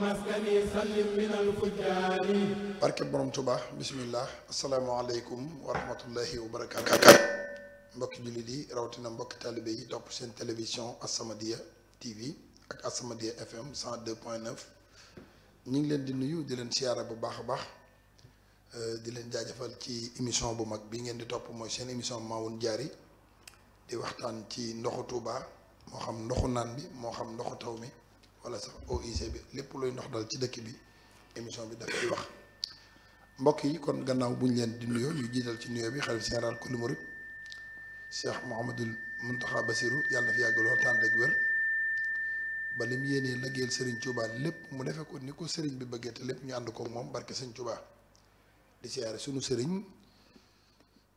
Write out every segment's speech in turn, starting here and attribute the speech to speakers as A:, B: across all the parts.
A: maskani sallim min alfujjaari
B: barke borom Tuuba bismillah asalaamaaleykum wa rahmatullahi wa barakaatu mbokki jullit yi rawatina mbokki taalibé yi topp seen télévision As-Samadiyya TV ak As-Samadiyya FM 102.9 ñu ngi leen di nuyu di leen siyaara bu baax a baax euh, di leen jaajëfal ci émission bu mag bi ngeen di topp mooy seen émission Mawoun Diarry di waxtaan ci ndoxu Tuuba moo xam ndoxu naan bi moo xam ndoxu taw mi wala sax OIC bi lépp luy ndox dal ci dëkk bi émission bi daf ci wax mbokk yi kon gannaaw buñ leen di nuyoo ñu jiital ci nuyoo bi xalif général ku murit Cheikh Mouhamadul Mountakha basiru yàlla fi yàgg lool tànn ak ba lim yéenee liggéeyal Serigne Touba lépp mu defee ko ni ko Serigne bi bëggee te lépp ñu ànd koog moom barke Serigne Touba di siyaare sunu Serigne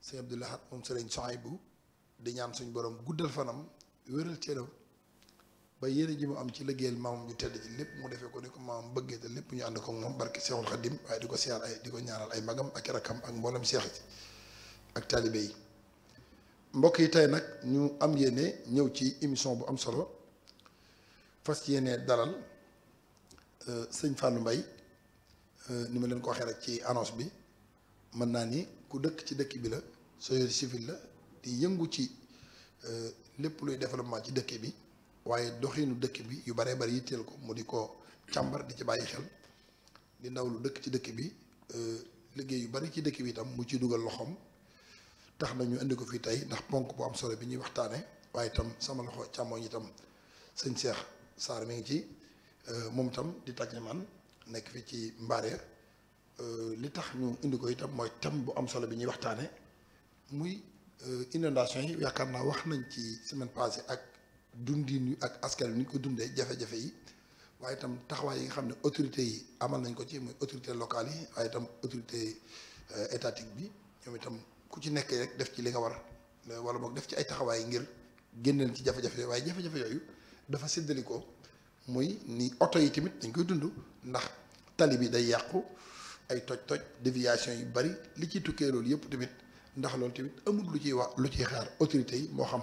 B: Serigne Abdoulaye moom Serigne Souhaïbou di ñaan suñu borom guddal fanam wéral cëram. ba yéene ji mu am ci liggéeyal maamam ju tedd ji lépp mu defee ko ni ko maamam bëggee te lépp ñu ànd ko moom barki Seexul Xadim waaye di ko siyaar ay di ko ñaanal ay magam ak rakam ak mboolem seex ji ak taalibe yi mbokk yi tey nag ñu am yéene ñëw ci émission bu am solo fas yéene dalal euh, sëñ Fallou Mbaye euh, ni ma leen ko waxee rek ci annonce bi mën naa ni ku dëkk ci dëkk bi la société civile la di yëngu ci euh, lépp luy développement ci dëkk bi waaye doxinu dëkk bi yu baree bari yitteel ko mu di ko càmbar di ci bàyyi xel di ndaw lu dëkk ci dëkk bi euh, liggéey yu bari ci dëkk bi itam mu ci dugal loxoom tax na ñu indi ko fii tey ndax ponk bu am solo bi ñuy waxtaane waaye itam sama loxo càmmooñ itam sëñ Cheikh Sarr mi ngi ci euh, moom itam di tàgge man nekk fii ci Mbare euh, li tax ñu indi ko mooy thème bu am solo bi ñuy waxtaane muy inondation yi yaakaar naa wax nañ ci semaine passée ak dundin yu ak askan wi ñu ko dundee jafe-jafe yi waaye tam taxawaay yi nga xam ne autorités yi amal nañ ko ci muy autorité locale yi waaye itam autorité euh, étatique bi ñoom itam ku ci nekkee rek def ci li nga war euh, wala boog def ci ay taxawaay ngir génneel ci jafe-jafe waaye jafe-jafe yooyu dafa séddali ko muy ni oto yi tamit dañ koy dund ndax tali bi day yàqu ay toj-toj déviation yu bari li ciy tukkee loolu yëpp tamit ndax loolu tamit amul lu ciy wax lu ciy xaar autorités yi moo xam.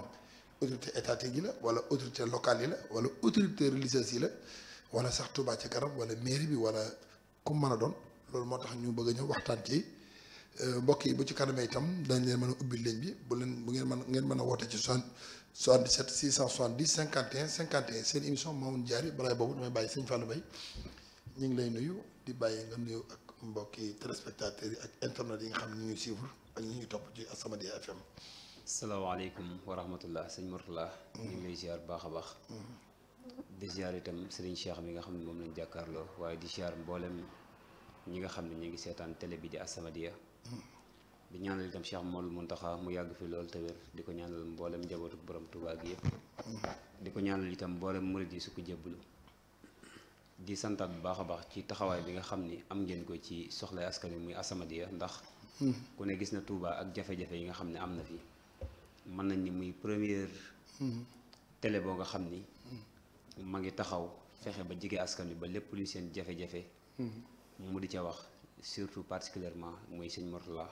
B: autorité étatique yi la wala autorité locale yi la wala autorité religieuse yi la wala sax Touba ci kanam wala mairie bi wala ku mën a doon loolu moo tax ñu bëgg a ñëw waxtaan ci euh, mbokk yi bu ci kanamee itam dañ leen mën a ubbi ligne bi bu leen bu ngeen mën ngeen mën a woote ci 77 670 51 51 seen émission Mamoune Diarry balaa boobu damay bàyyi sëñ Fallou Mbaye ñu ngi lay nuyu di bàyyi nga nuyu ak mbokki téléspectateurs yi ak internet yi nga xam ne ñu ngi suivre ak ñu ngi topp ci As-Samadiyya FM.
C: salaamaaleykum wa rahmatullah sëñ Mourtala. ñu ngi lay ziar bu baax a baax. di ziar itam sëriñ Cheikh mi nga xam ne moom lañ jàkkaarloo waaye di ziar mboolem ñi nga xam ne ñu ngi seetaan télé bi di As-Samadiyya. di ñaanal itam Cheikh Mawlud Muntaxa mu yàgg fi loolu te di ko ñaanal mbooleem njabootu borom Tuubaa gi yëpp. di ko ñaanal itam mboolem murid yi su ko jébbalu. di santaat bu baax a baax ci taxawaay bi nga xam ni am ngeen ko ci soxlay askan wi muy As-Samadiyya ndax. ku ne gis na Tuubaa ak jafe yi nga xam ne am na fi. mën nañ ni muy première hmm. télé boo nga xam ni hmm. ma ngi taxaw fexe ba jege askan wi ba lépp luy seen jafe-jafe hmm. mu di ca wax surtout particulièrement muy sëñ Mourtala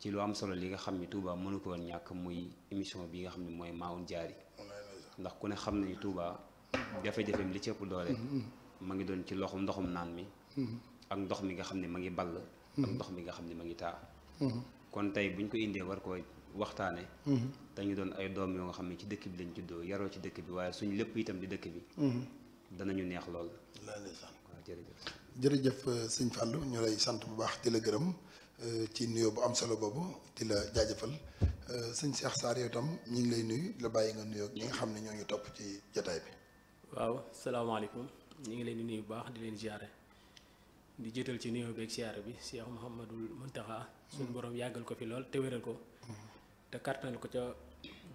C: ci lu am solo li nga xam ni Touba mënu ko woon ñàkk muy émission bi nga xam ne mooy Maoun jaari ndax ku ne xam nañu Touba jafe-jafeem li ci ëpp doole ma ngi doon ci loxum ndoxum naan mi ak ndox mi nga xam ne ma ngi ball ak ndox mi nga xam ne ma ngi taa kon tey buñ ko indee war ko waxtaane dañu mm-hmm. doon ay doom yoo nga xam ne ci dëkk bi lañ juddoo yaroo ci dëkk bi waaye suñu lépp itam di dëkk bi mm-hmm. dana ñu neex lool waaw jërëjëf
B: jërëjëf euh, sëñ Fallou ñu lay sant bu baax di la gërëm euh, ci nuyoo bu am solo boobu di la jaajëfal euh, sëñ Cheikh Sarr yow tam ñu ngi lay nuyu la bàyyi nga nuyoo ñi nga xam ne ñoo ñu topp ci jataay bi
A: waaw
D: salaamaaleykum ñu ngi leen di nuyu bu baax di leen jaare di jiital ci nuyoo beeg ziare bi Cheikh Mouhamadul Mountakha suñu borom yàggal ko fi lool te ko te kartanal ko ca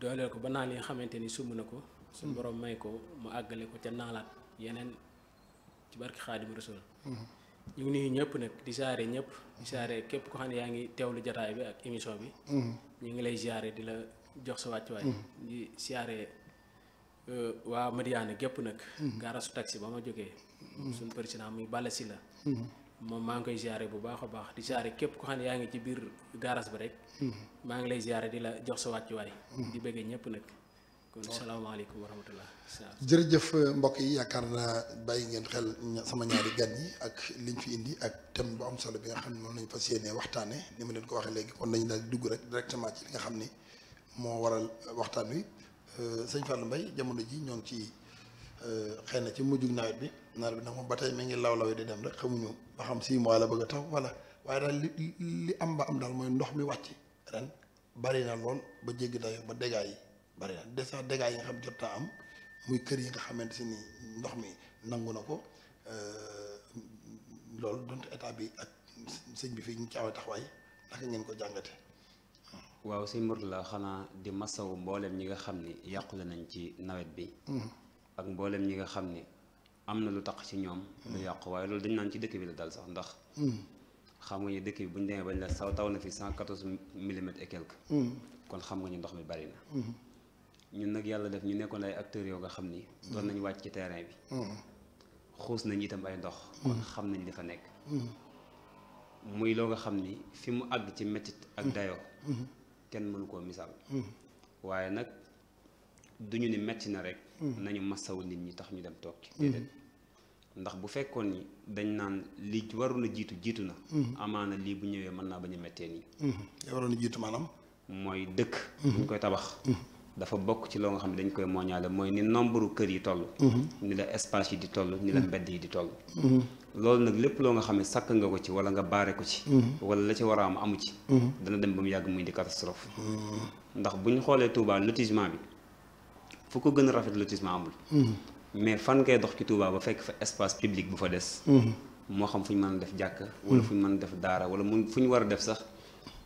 D: dooleel ko ba naal yi nga xamante ni sumb na ko suñ mm-hmm. boroom may ko mu àggale ko ca naalaat yeneen ci barki xaadimu rasul mm-hmm. ñu ngi nuyu ñëpp nag di saare ñëpp di saare képp ko xam ne yaa ngi teewlu jataay bi ak émission bi mm-hmm. ñu ngi lay siyaare di la jox sa wàccuwaay di siyaare euh, waa Madiyaana gépp nag gaarasu taxi ba ma jógee suñu président muy si la moom maa ngi koy ziare bu baax a baax di ziare képp ko xam ne yaa ngi ci biir garas bi rek. Mm-hmm. maa ngi lay ziare di la jox sa wàccuwaay. Mm-hmm. di bëggee ñëpp nag. kon oh. salaamaaleykum wa rahmatullah.
B: jërëjëf mbokk yi yaakaar naa ngeen xel sama ñaari gan yi ak liñ fi indi ak thème bu am solo bi nga xam ne moom lañ fas yéenee waxtaanee ni ma leen ko waxee léegi kon nañ daal dugg rek directement nga xam ni moo waral waxtaan wi euh, sëñ Fallou mbay jamono ji ñoo ngi ci. Euh, xëy na ci mujjug nawet bi nawet bi ndax moom ba tey ma ngi law law di dem rek xamuñu ba xam six mois la bëgg a taw wala waaye daal li am ba am daal mooy ndox mi wàcc ren na lool ba jéggi dayo ba dégâts bari na déjà dégâts yi am muy kër yi nga xamante ni ndox mi nangu na ko euh, loolu donte bi ak bi fii ñu ci awee taxawaay naka ngeen ko jàngate
C: waaw sëñ Mourtalla xanaa di masawu mbooleem ñi nga xam ni yàqule nañ ci nawet bi. Mm-hmm. ak mbooleem ñi nga xam ni am na lu tax ci ñoom lu mm. yàqu waaye loolu dañ naan ci dëkk bi la dal sax ndax mm. xam nga ñu dëkk bi bu ñu demee bañ la saw taw na fi cent quatorze millimètres et quelque mm. kon xam nga ñu ndox mi bari na ñun nag yàlla def ñu nekkoon ay acteurs yoo nga xam ni doon nañu wàcc ci terrain bi xuus nañu itam ay ndox kon xam nañ li fa nekk muy loo nga xam ni fi mu àgg ci mettit ak dayoo kenn mënu koo misaal waaye nag duñu ni metti na rek nañu masawu nit ñi tax ñu dem toog ci mm-hmm. ndax bu fekkoon ni dañ naan li waroon a jiitu jiitu na mm-hmm. amaana lii bu ñëwee mën naa bañ a mettee nii mm-hmm. waroon a jiitu maanaam mooy dëkk buñ koy tabax dafa bokk ci loo nga xam ne dañ koy moñaale mooy ni nombre kër yi toll ni la espace yi di toll ni la mbedd yi di toll loolu nag lépp loo nga xam ne sàkk nga ko ci wala nga baare ko ci wala la ci war a am amu ci dana dem ba mu yàgg muy di catastrophe ndax buñ xoolee fu ko gën a rafet lotissement amul. Mm-hmm. mais fan ngay dox ci Touba ba fekk fa espace public bu fa des. Mm-hmm. moo xam fu ñu mën a def jàkk wala fu ñu mën a def daara wala mu fu ñu war a def sax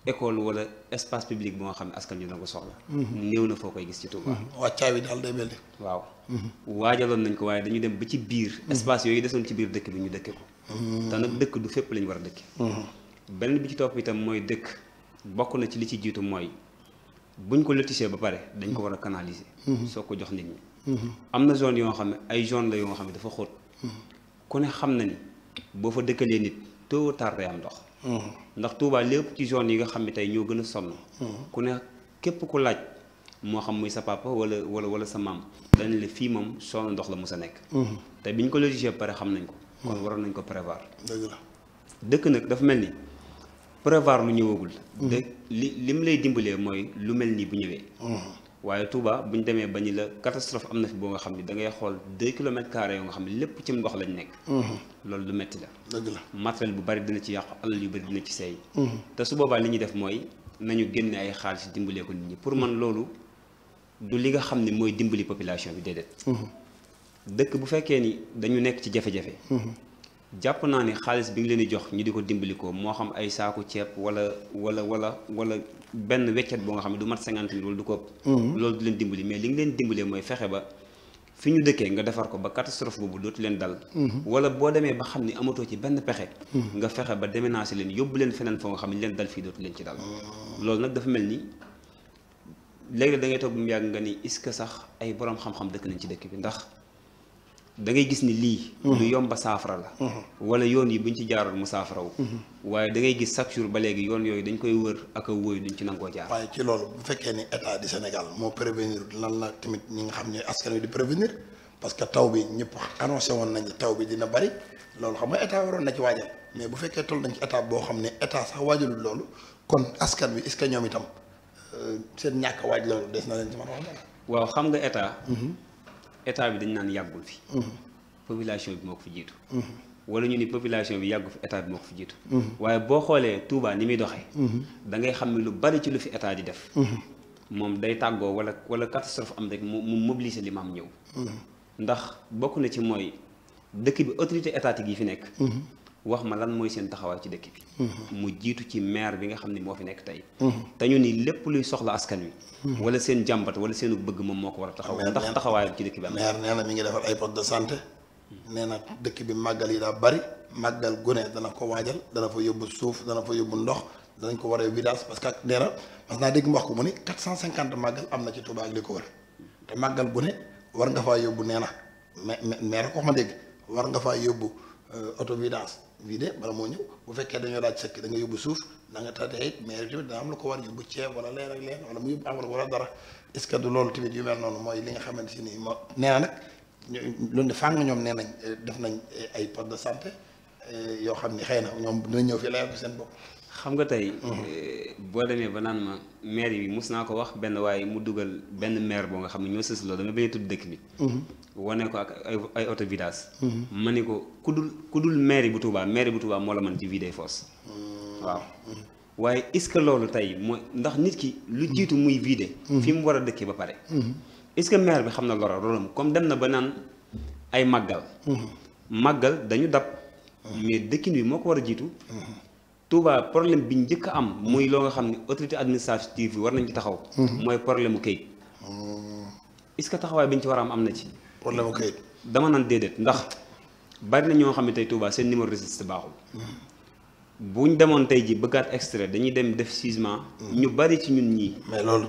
C: école wala espace public boo xam ne askan ñu dana ko soxla. Mm-hmm. néew na foo koy gis ci Touba. wàccaay wi daal day mel waaw. waajaloon nañ ko waaye dañu dem ba ci biir. espace yooyu desoon ci biir dëkk bi ñu dëkkee ko. te dëkk du fépp lañu war a dëkke benn bi ci topp itam mooy dëkk bokk na ci li ci jiitu mooy buñ ko lotissé ba pare dañ ko war a canaliser. Mm-hmm. soo ko jox nit ñi. Mm-hmm. am na zone yoo xam ne ay zone la yoo xam ne dafa xóot. Mm-hmm. ku ne xam na ni boo fa dëkkalee nit tôt ou tard day am ndox. ndax Touba lépp ci zone yi nga xam ne tey ñoo gën a sonn. ku ne képp ku laaj moo xam muy sa papa wala wala wala sa maam dañ la fii moom sonn ndox la mu sa nekk. te biñ ko lotissé ba pare xam nañ ko. kon waroon nañ ko prévoir. dëkk nag dafa mel ni. prévoir lu ñëwagul. Mm-hmm. de li li mu lay dimbalee mooy lu mel nii bu ñëwee. Mm-hmm. waaye Touba bu ñu demee ba ñu la catastrophe am na fi boo nga xam ne da ngay xool deux kilomètres carrés yoo nga xam ne lépp ci ndox lañ nekk. Mm-hmm. loolu lu metti la. dëgg la bu bari dina ci yàqu alal yu bari dina ci seey. te su boobaa li ñuy def mooy nañu génne ay xaalis dimbalee ko nit ñi pour man loolu du li nga xam ne mooy dimbali population bi dee déedéet. dëkk bu fekkee ni dañu nekk ci jafe jàpp naa ni xaalis bi nga leen di jox ñu di ko dimbali ko moo xam ay saaku ceeb wala wala wala wala benn weccet boo nga xam ne du mat cinquante mille du ko ëpp mm-hmm. loolu du leen dimbali mais li nga leen dimbalee mooy fexe ba fi ñu dëkkee nga defar ko ba catastrophe boobu dootu leen dal mm-hmm. wala boo demee xam ne amatoo ci benn pexe mm-hmm. nga fexe ba déménager leen yóbbu leen feneen foo nga xam ne leen dal fii dootu leen ci dal loolu nag dafa mel ni léegi da ngay toog bu yàgg nga ni est-ce que sax ay borom xam-xam dëkk nañ ci dëkk bi ndax da ngay gis ni lii. Mhm. lu yomba saafara la. Mhm. wala yoon yi buñ ci jaaroon mu saafaraw. Mhm. waaye da ngay gis chaque jour ba léegi yoon yooyu dañ koy wër ak a wóoy duñ ci nangoo jaar. waaye ci loolu bu fekkee ni état
B: du Sénégal moo prévenir lan la tamit ñi nga xam ne askan wi di prévenir parce que taw bi ñëpp annoncé woon nañu taw bi dina bari loolu xam nga état waroon na ci waajal mais bu fekkee toll nañ ci état boo xam ne état sax waajalul loolu kon askan wi est-ce que ñoom itam euh, seen ñàkk
C: waaj loolu des na leen ci a état bi dañ naan yàggul fi mmh. population bi moo ko fi jiitu mmh. wala ñu ni population bi yàggu fi état bi moo ko fi jiitu mmh. waaye boo xoolee Touba ni muy doxee da ngay xam ne lu bari ci lu fi état di def moom day tàggoo wala wala catastrophe am rek mu mobiliser li ma am ñëw ndax bokk na ci mooy dëkk bi autorité étatique yi fi nekk wax ma lan mooy seen taxawaay ci dëkk bi. Mhm. mu jiitu ci maire bi nga xam ne moo fi nekk tey. Mhm. te ñu ni lépp luy soxla askan wi. Mhm. wala seen jàmbat wala seenu bëgg moom moo ko war a taxaw. ndax taxawaayam ci dëkk bi am maire nee na mi ngi defar ay poste de santé.
B: nee na dëkk bi màggal yi daa bari. màggal gune dana ko waajal dana fa yóbbu suuf dana fa yóbbu ndox danañ ko waree village parce que nee na mas naa dégg mu wax ko mu ni 450 màggal am na ci Touba ak li ko wër te màggal gune war nga faa yóbbu nee na mais mais ma dégg war nga faa yóbbu euh, auto vidange de bala moo ñëw bu fekkee dañoo laaj sëkk da nga yóbbu suuf da nga tàddee it am lu ko war yóbbu ceeb wala leer ak leer wala mu yóbbu engrais wala dara est ce que du loolu tamit yu mel noonu mooy li nga xamante ni moo nee na nag loolu ne fàng ñoom nee nañ def nañ ay poste de santé eh, yoo xam ne xëy na ñoom dinañ ñëw fi leer ko
C: seen bopp xam nga tey. Mhm. Euh, boo demee ba naan ma maire yi mus naa ko wax benn waaye mu dugal benn maire boo nga xam ne ñoo sës loolu dama bañ a tudd dëkk bi. Mhm. wane ko ak ay ay auto mhm. ma ne ko ku dul ku dul maire bu Touba maire bu Touba moo la mën ci vider force. waaw waaye est-ce que loolu tey mooy ndax nit ki. lu jiitu muy vider. fi mu war a dëkkee ba pare. est-ce que maire bi xam na lora loolu comme dem na ba naan ay màggal. màggal dañu dab. mais dëkkin bi moo ko war a jiitu. Touba problème bi njëkk am muy loo nga xam ne autorité administrative bi war nañ taxaw. Mhm. mooy problème mu kayit. Mhm. est-ce que taxawaay bi ñu ci war am am na ci. problème mu kayit dama naan déedéet ndax bari na ñoo xam ni tey Touba seen numéro de registre baaxul. Mhm. bu ñu demoon tey ji bëggaat extrait dañuy dem def sisement hmm. ñu bari ci ñun ñii. mais loolu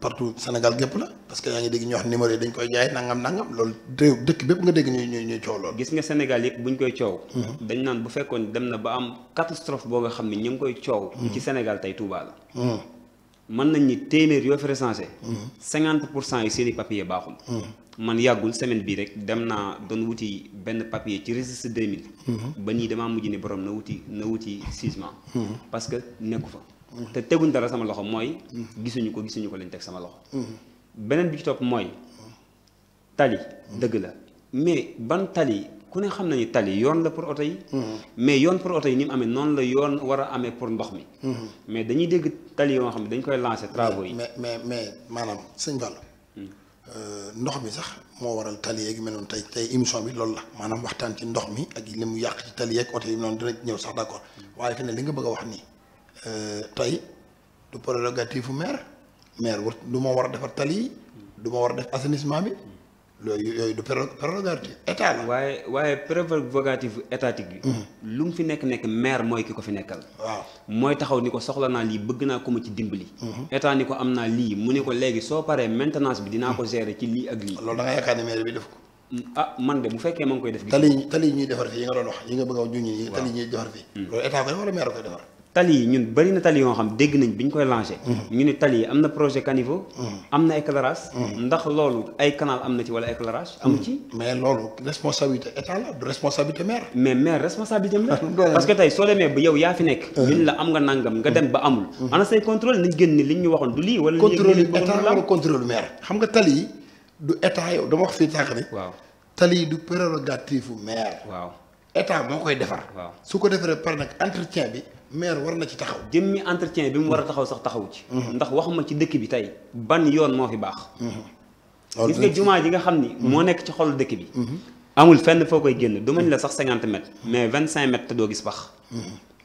C: partout Sénégal gépp la parce que yaa ngi dégg ñu wax numéro yi dañ koy jaay nangam nangam loolu réew dëkk bépp nga dégg ñuy ñuy coow loolu. gis nga Sénégal yëpp bu ñu koy coow. Hmm. dañ naan bu fekkoon dem na ba am catastrophe boo nga xam ne ñu ngi koy coow. Hmm. ci Sénégal tey Touba la. mën nañ ni téeméer yoo fi recensé. Mm-hmm. cinquante pour cent yi seen i papier baaxul. Mm-hmm. man yàggul semaine bii rek dem naa doon wuti benn papier ci registre 2000. Mm-hmm. ba nii damaa mujj ni borom na wuti na wuti sisement. parce que nekku fa. te teguñ dara sama loxo mooy. gisuñu ko gisuñu ko lañ teg sama loxo. beneen bi ci topp mooy. tali dëgg la mais ban tali. ku ne xam nañu tali yoon la pour oto yi. Mm-hmm. mais yoon pour oto yi ni mu amee noonu la yoon war a amee pour ndox mi. Mm-hmm. mais dañuy dégg tali yoo xam ne dañ koy lancer travaux yi. mais mais mais
B: maanaam sëñ Ball. Mm. Euh, mi sax moo waral tali yeeg mel noonu tey tey émission bi loolu la maanaam waxtaan ci ndox mi ak li mu yàq ci tali yeeg oto yi noonu dinañ ñëw sax d' accord waaye fi ne li nga bëgg a wax nii euh, tey du prérogative maire maire war du ma war a defar tali yi. du ma war a def assainissement bi.
C: loolu yooyu du prérogative état la. waaye waaye prérogative étatique bi. Mhm. lu mu fi nekk nekk maire mooy ki ko fi nekkal. waaw mooy taxaw ni ko soxla naa lii bëgg naa ko ma ci dimbali. Mhm. état ni ko am naa lii mu ne ko léegi soo paree maintenance bi dinaa ko mhm. gérer ci lii ak lii. loolu da nga ne maire bi def ko. Mm, ah man de bu fekkee ma ngi koy def. tali tali ñuy defar fii yi nga doon wax yi nga bëgg a junj yi. tali ñuy defar fii. Mm. loolu état koy wala maire koy tali yi ñun bëri na tali yoo xam dégg nañ bi ñu koy lancé. Mhm. ñu ne tali yi am na projet caniveau. Mhm. am na éclairage. Mhm. ndax loolu ay canal am na ci wala éclairage amu ci. mais loolu responsabilité état la responsabilité maire. mais maire responsabilité maire. parce que tey soo demee ba yow yaa fi nekk. ñun la am nga nangam nga dem ba amul. ana say contrôle nañ génn ni liñ ñu waxoon du lii wala. contrôle état wala contrôle maire. xam nga tali yi du état yow dama wax fii maire war na ci taxaw. jëmmi entretien bi mu war a taxaw sax taxaw ci. Mhm. ndax waxuma ci dëkk bi tey ban yoon moo fi baax. Mhm. gis nga jumaa ji nga xam ni. Mhm. moo nekk ci xol dëkk bi. amul fenn foo koy génn du mañ la sax cinquante mètres. mais vingt cinq mètres te doo gis pax.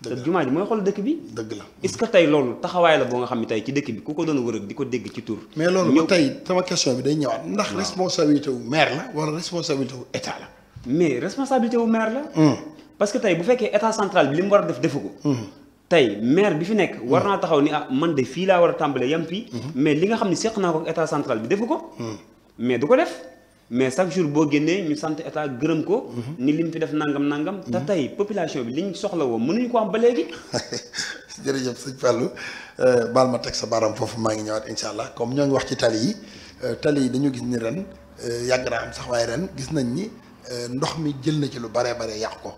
C: te jumaa ji mooy xool dëkk bi. dëgg la est-ce que tey loolu taxawaay la boo nga xam ne tey ci dëkk bi ku ko doon wërëg di ko dégg ci tur.
B: mais
E: loolu ba tey
C: sama question bi day ñëwaat. ndax responsabilité wu maire la wala responsabilité wu état la. mais responsabilité wu maire la. Hmm. parce que tey bu fekkee état central bi li mu war a def defu ko. Hmm. tey maire bi fi nekk war hmm. naa taxaw ni ah man de fii laa war a tàmbalee yam fii. Hmm. mais li nga xam ne seq naa ko état central bi defu ko. mais du ko def. mais chaque jour boo génnee ñu sant état gërëm ko. ni lim fi def nangam nangam. te tey population bi li ñu soxla woo mënuñ ko am ba léegi. jërëjëf sëñ Fallou euh, baal ma teg sa baaraam foofu maa ngi ñëwaat incha allah comme ñoo ngi wax
B: ci tali yi euh, tali yi dañu gis ni ren euh, yàgg naa sax waaye ren gis nañ ni ndox mi jël na ci lu baree bare yàq ko.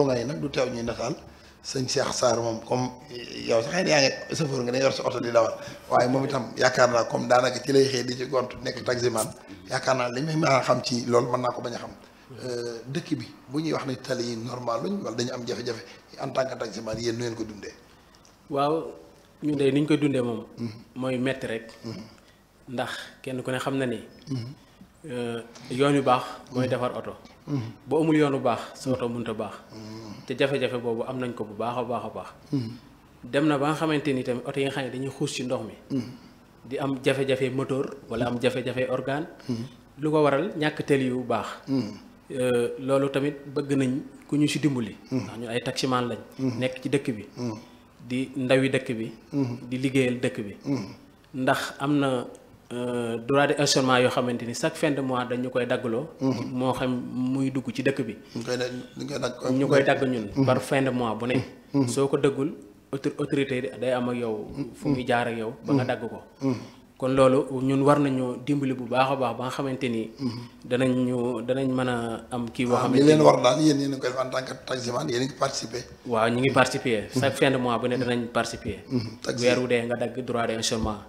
B: Touba yi nag du teew ñuy nataal sëñ Cheikh Sarr moom comme yow sax yaa ngi sëfoor nga ne yor oto di dawal waaye moom itam yaakaar naa comme daanaka ci di ci nekk taximan yaakaar naa li may mën xam ci lool mën naa ko bañ a xam euh, dëkk bi bu ñuy wax ne tali yi normal luñ wala dañu am jafe-jafe en tant que taximan yéen nu ngeen ko dundee.
D: waaw ñu de ni ko dundee moom. Mhm. mooy metti rek. Mhm. ndax kenn ku ne xam na ni. Mhm. Euh, yoon yu baax mooy defar oto. bu amul yoon bu baax sa oto mënut a baax te jafe-jafe boobu am nañ ko bu baax a baax a baax dem na ba nga xamante ni tamit oto yi nga xam ne dañuy xuus ci ndox mi di am jafe-jafe moteur wala am jafe-jafe organe lu ko waral ñàkk tëli yu baax euh, loolu tamit bëgg nañ ku ñu si dimbali ndax ñun ay taximaan lañ nekk ci dëkk bi di ndawi dëkk bi di liggéeyal dëkk bi ndax am na droit de assurement yoo xamante ni chaque fin de mois dañu koy daggloo. Mhm. moo xam muy dugg ci dëkk bi. ñu koy dagg ñu koy dagg ñun. Mhm. par fin de mois bu ne. Mhm. soo ko dëggul autorité day am ak yow. fu ngi jaar ak yow ba nga dagg ko. kon loolu ñun war nañu dimbali bu baax a baax ba nga xamante ni. danañ ñu danañ mën a am kii boo. Ah, xamante ni leen war daal yéen
B: yéen a koy en tant que taximan yéen a ngi participer.
D: waaw ñu ngi participer. chaque fin de bu ne danañ participer. weer wu dee nga dagg droit de assurement.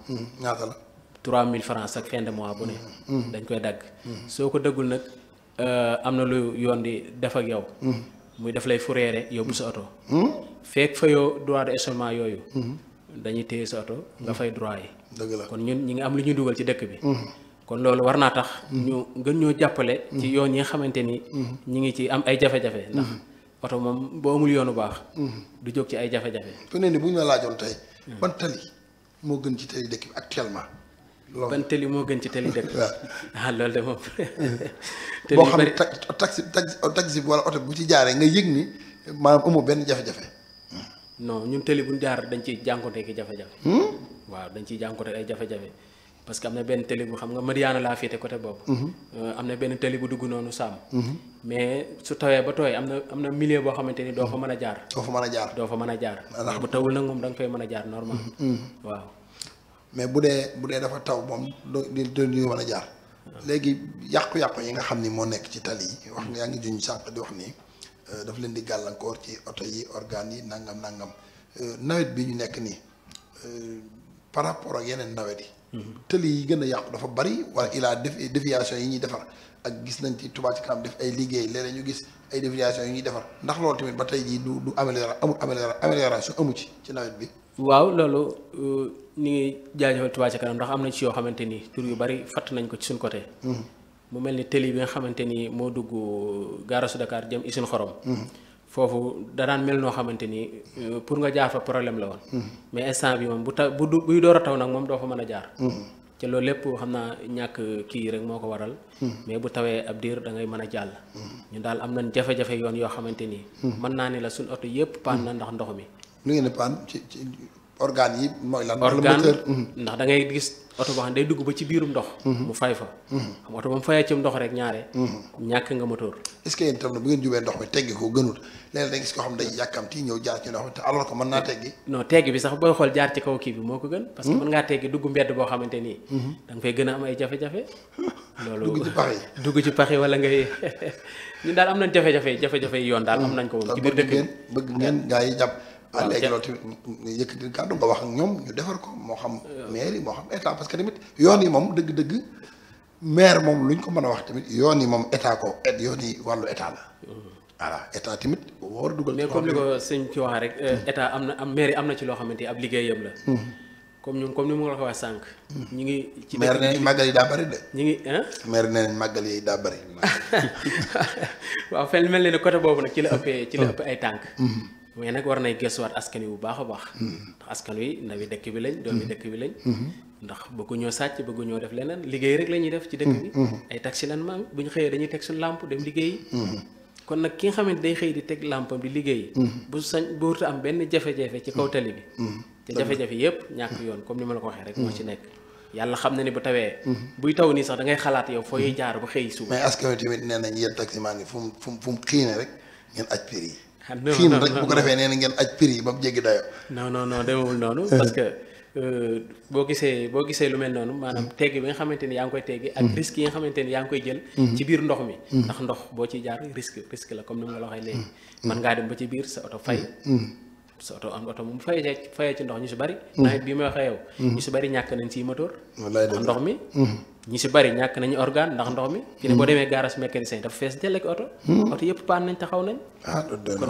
D: 3000 mille chaque fin de mois bu ne. Mm-hmm. dañ koy dagg. Mm-hmm. soo ko dëggul nag euh, am na lu yoon di def ak yow. Mm-hmm. muy def lay fureere yóbbu sa oto. fekk fa yow droit de stationnement yooyu. dañuy téye sa oto nga fay droit yi. dëgg la kon ñun ñi ngi am lu ñuy dugal ci dëkk bi. kon loolu war naa tax. ñu gën ñoo jàppale. ci yoon yi nga xamante ni. ñu ngi ci am ay jafe-jafe. ndax oto moom boo yoon yoonu baax. du jóg ci ay jafe-jafe.
B: fi ne ni bu ñu la laajoon tey. Mm. ban moo gën ci tey dëkk bi actuellement. ban tëli moo gën ci tëli dëkk. waaw
D: ah, loolu de moom. tëli boo xam ne
B: taxi taxi wala oto bu ci jaaree nga yëg ni maanaam amoo benn jafe-jafe. non
D: ñun tëli bu jaar dañ ciy jànkuwante ki jafe-jafe. Hmm? waaw dañ ciy jànkuwante ay jafe-jafe parce que am na benn tëli bu xam nga Mariana laa féete côté boobu. Hmm. Euh, am na benn tëli bu dugg noonu Sàmm. Hmm. mais su tawee ba tooy am na am na milieu boo xamante ni doo fa mën a jaar. doo fa mën a jaar doo fa mën a jaar. bu
B: tawul nag moom da nga fay mën a jaar normal. waaw. mais bu dee bu dee dafa taw moom du du ñu mën a jaar. léegi yàqu-yàqu yi nga xam ni moo nekk ci tali yi wax nga yaa ngi juñ sànq di wax nii euh, daf leen di gàllankoor ci oto yi organes yi nangam nangam euh, nawet bi ñu nekk nii euh, par rapport ak yeneen nawet yi. Mhm. tali yi gën a yàqu dafa bari wala il def déviation yi ñuy defar ak gis nañ ci Touba Ca Kanam def ay liggéey léeg-léeg ñu gis ay déviation yi ñuy defar ndax loolu tamit ba tey jii du du amélioration amul amélioration amu
D: ci ci nawet bi. waaw loolu uh, ñu ngi jaajëfal Touba ca kanam ndax am na ci yoo xamante ni tur yu bari fatt nañ ko ci suñ côté. Mm-hmm. mu mel ni tëli bi nga xamante ni moo dugg uh, gaarasu Dakar jëm usine xorom. Mm-hmm. foofu danaan mel noo xamante ni uh, pour nga jaar problème la woon. Mm-hmm. mais instant bi moom bu ta bu du buy door a taw nag moom doo fa mën a jaar. te loolu lépp xam naa ñàkk kii rek moo ko waral. mais bu tawee ab diir da ngay mën a jàll. ñu daal am nañ jafe-jafe yoon yoo xamante ni. mën naa ne la suñ oto yépp paan na ndax ndox mi. lu ngeen di panne ci ci organes yi mooy lan. organe ndax mhm. dangay gis oto boo xam ne day dugg ba
B: ci biirum ndox. Mhm. mu fay fa. Mhm. xam oto ba mu fayee ci ndox rek ñaare. ñàkk nga moteur. est-ce que yéen itam bu ngeen jubee koo xam day yàkkamti ñëw jaar ci ndox mi te alors ko mën naa teggi. non teggi bi sax boo xool jaar ci kaw kii bi moo ko gën. parce que mën ngaa teggi dugg mbedd boo xamante ni.
D: da nga gën a am ay jafe-jafe. loolu dugg ci pax yi dugg ci pax yi wala ngay ñun daal am nañ jafe-jafe jafe yoon daal am nañ ko woon ci biir dëkk
B: bëgg ngeen gaa yi jàpp waaw léegi loolu tamit yëkkati kàddu nga wax ak ñoom ñu defar ko moo xam. maire yi moo xam état parce que tamit yoon yi moom dëgg-dëgg maire moom lu ñu ko mën a wax tamit yoon yi moom état ko yoon yi wàllu état la. voilà état tamit war a dugal. mais comme
D: ni rek. Euh, état am na am maire yi am na ci loo xamante ab liggéeyam la. Hmm. comme ñun comme ni mu la ko waxee sànq. Hmm. ñu ngi ci maire nee nañ màggal yi daa bëri de. ñu ngi ah.
B: maire nee màggal yi daa bëri.
D: waaw fenn mel na ne côté boobu nag ci la ëppee ci la hmm. ëpp ay tànk. mais nag war nay gëstuwaat askan wi bu baax a baax. ndax askan wi ndawi dëkk bi lañ. doomi dëkk bi lañ. ndax bëgguñoo sàcc bëgguñoo def leneen liggéey rek la ñuy def. ci dëkk bi mm-hmm. ay taxi lan ma bu ñu xëyee dañuy teg su làmp dem liggéeyi. Mm-hmm. kon nag ki nga xam day xëy di teg làmpam di liggéeyi. Mm-hmm. bu sañ bu wurtu am benn jafe ci kaw tali bi. te jafe-jafe yëpp ñàkk yoon comme ni ma la ko waxee rek moo ci nekk. yàlla xam na ni bu
B: tawee. buy taw nii sax dangay ngay xalaat yow fooy jaar ba xëy suuf. mais askan wi tamit nee nañ yéen taximaan yi fu mu fu mu xiine rek ngeen aj prix yi fiim rek bu ko defee nee na ngeen aj prix ba mu jéggi dayoo.
D: non non non demewul noonu. parce euh, boo gisee boo gisee lu mel noonu maanaam teggi bi nga xamante ni yaa ngi koy teggi. ak mm-hmm. risque yi nga xamante ni yaa ngi koy jël. Mm-hmm. ci biir ndox mi. Mm-hmm. ndax ndox boo ci jaar risque risque la comme ni ma la waxee léegi. mën ngaa dem ba ci biir sa oto fay. sa oto am oto mu fayee faye ci ndox ñu si bari. Mhm. nawet bi ma waxee yow. Mhm. ñu si bari ñàkk nañ si moteur. ndox mi. Mhm. ñu si bari ñàkk nañu organe ndax ndox mi. fi ne boo demee garage mécanicien dafa fees dell ak oto.
B: oto yëpp paan nañ taxaw nañ.
D: Ah,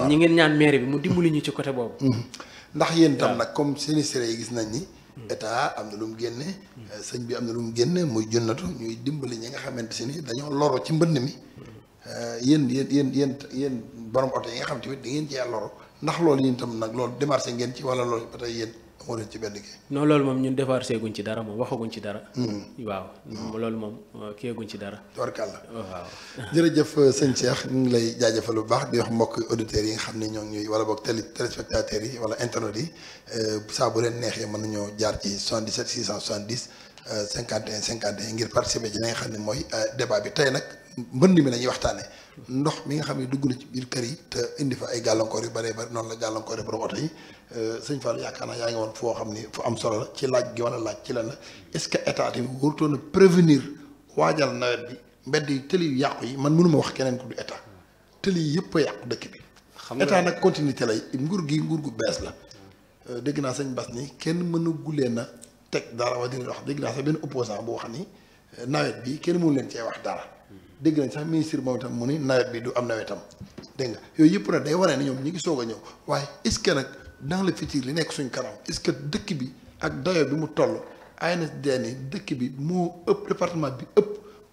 D: ñi ngeen ñaan maire bi mu
B: dimbali ñu ci côté boobu. ndax yéen tam nag comme sinistre yi gis nañ ni. état am na lu mu génne. Euh, bi am na lu mu génne muy jëndatu ñuy dimbali ñi nga xamante si ni dañoo loro ci mbënn mi. Euh, yéen yéen yéen yéen yéen borom oto yi nga xam tamit da ngeen cee loro ndax loolu ñun tam nag loolu démarché ngeen ci wala loolu ba tey yéen amoo leen ci benn kii.
D: non loolu moom ñun démarché guñ ci dara moom waxaguñ ci dara. Mm-hmm. waaw mm-hmm. loolu moom euh, kiiaguñ ci dara. tubarkàlla waaw.
B: jërëjëf euh, sëñ Cheikh ñu ngi lay jaajëfal bu baax di wax mbokk auditeurs yi nga xam ne ñoo ngi ñuy wala boog télé téléspectateurs yi wala internet yi euh, saa neexee mën nañoo jaar ci 77 670 51 51 ngir participer ci li nga xam ne mooy débat bi tey nag mbënd mi la ñuy waxtaanee. ndox mi nga xam ne dugg na ci biir kër yi te indi fa ay gàllankoor yu bëree bëri noonu la gàllankoor yu borom oto yi euh, sëñ Fall yaakaar naa yaa ngi woon foo xam ni fu am solo la ci laaj gi wala laaj ci lan la est-ce que état bi warutoon a prévenir waajal nawet bi mbedd yi tëli yu yàqu yi man mënuma wax keneen ku du état tëli yi yëpp a yàqu dëkk bi. xam nga état nag continuité lay nguur gi nguur gu bees la euh, dégg naa sëñ Bass ni kenn mën a gulee na teg dara wax dëgg naa sax benn opposant bu wax ni euh, nawet bi kenn mënu leen cee wax dara dégg nañ sax ministre moom itam mu ni nawet bi du am nawetam dégg nga yooyu yëpp nag day waree ne ñoom ñu ngi soog a ñëw waaye est-ce que nag dans le futur li nekk suñu kanam est-ce que dëkk bi ak dayo bi mu toll ANSD ni dëkk bi moo ëpp département bi ëpp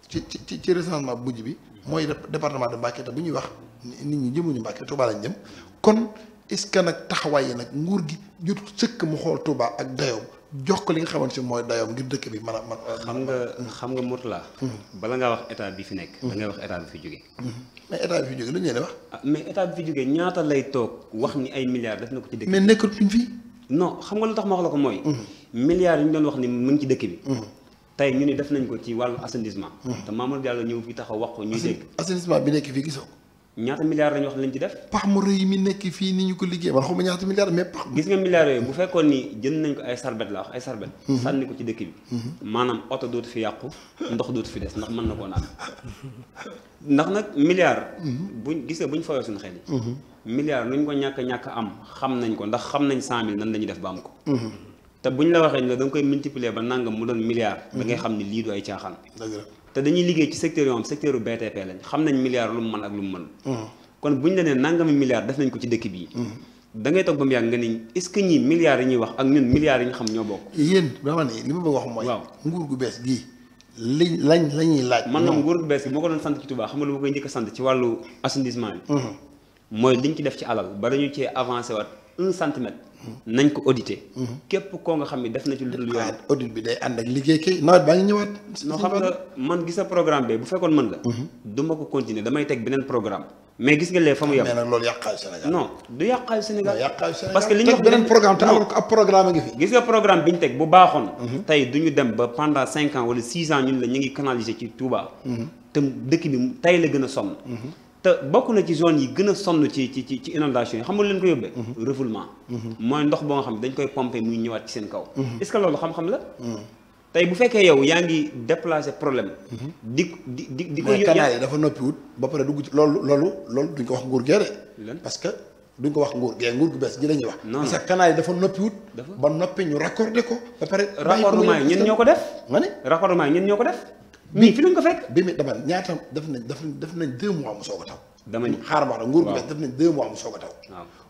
B: ci ci ci recensement bu mujj bi mooy département de Mbacké te bu ñuy wax nit ñi jëmuñu Mbacké Touba lañ kon est-ce que nag taxawaay yi nag nguur gi jot sëkk mu xool Touba ak dayoom jox ko li nga xamante ne mooy dayoom ngir dëkk bi man a man xam
C: nga xam nga Mourtalla hmm. bala ngaa wax état bi fi nekk da ngay wax état bi fi jógee hmm. mais état bi fi jógee lu ñu ah, ñaata lay toog wax ni ay milliards def na ko ci dëkk mais nekkul fi fii non xam nga la ko mooy hmm. milliards yi ñu doon wax ni mu ngi bi tey ñu ni def nañ ko ci wàllu assainissement te Mamour Diallo ñëw fi taxaw wax ko ñuy dégg assainissement bi nekk fii gisoo ñaata milliards lañu wax lañ ci def. pax mu rëy
B: mi nekk fii ni ñu ko liggéey man xawma ñaata milliards
C: mais pax. gis nga milliards bu fekkoon ni jën nañ ko ay sarbet la wax ay sarbet. Mhm. sànni ko ci dëkk bi. Mhm. maanaam oto dootu fi yàqu ndox dootu fi des ndax mën na koo naan ndax nag milliards. Mhm. bu gis nga buñ fayoo suñu xel yi. milliards nuñ ko ñàkk ñàkk am xam nañ ko ndax xam nañ cent mille nan def ba am ko. te buñ la waxee ni la da koy multiplier ba nangam mu doon milliards. da ngay xam ni lii du ay caaxaan. te dañuy liggéey ci secteur yoo xam secteur u BTP lañ xam nañ milliard lu mu mën ak lu mu mën hmm. kon bu ñu la nee nangami milliard def nañ ko ci dëkk bii hmm. da ngay ba mu yàgg nga ni est-ce que yi ñuy wax ak ñun milliards yi ñu xam ñoo bokk yéen dama ne li ma bëgg wax mooy nguur gu bees gii li lañ la laaj man moom nguur gu bees gi moo ko doon sant ci Touba xam nga lu ma koy njëkk sant ci wàllu assainissement bi hmm. mooy liñ ci def ba dañu cee avancé waat nañ ko audité. Mhm. képp koo nga xam ne def na ci lu dul yoon. Ah, audit bi day noo xam nga man gis sa programme bi bu fekkoon mën la. Mhm. du ko continuer damay teg beneen programme. mais gis nga lee fa mu yem. Ah, mais nag loolu yàqaayu Sénégal. non du yàqaayu Sénégal. parce que li ñu beneen programme te ab programme ngi fi. gis nga programme bi ñu teg bu baaxoon. Mhm. tey du ñu dem ba pendant cinq ans wala six ans ñun la ñu ngi canaliser ci Touba. te dëkk bi tey la gën a sonn. te bokk na ci zone yi gën a sonn ci ci ci inondation yi xam nga leen ko yóbbee mm-hmm. refoulement mm-hmm. mooy ndox boo nga xam dañ koy pomper muy ñëwaat ci seen kaw mm-hmm. est-ce que loolu xam-xam la tey bu fekkee yow yaa ngi déplacer problème di di ko kanaal yi yi
B: dafa noppiwut ba noppi ñu raccorder ko ba pare raccordement yi ñen ñoo ko def raccordement yi ñen ñoo ko def mais fi lañ ko fekk. bi mi dama ñaata def nañ def nañ def nañ deux mois mu soog a taw. dama ni xaar ba nguur gu bees def nañ deux mois mu soog a taw.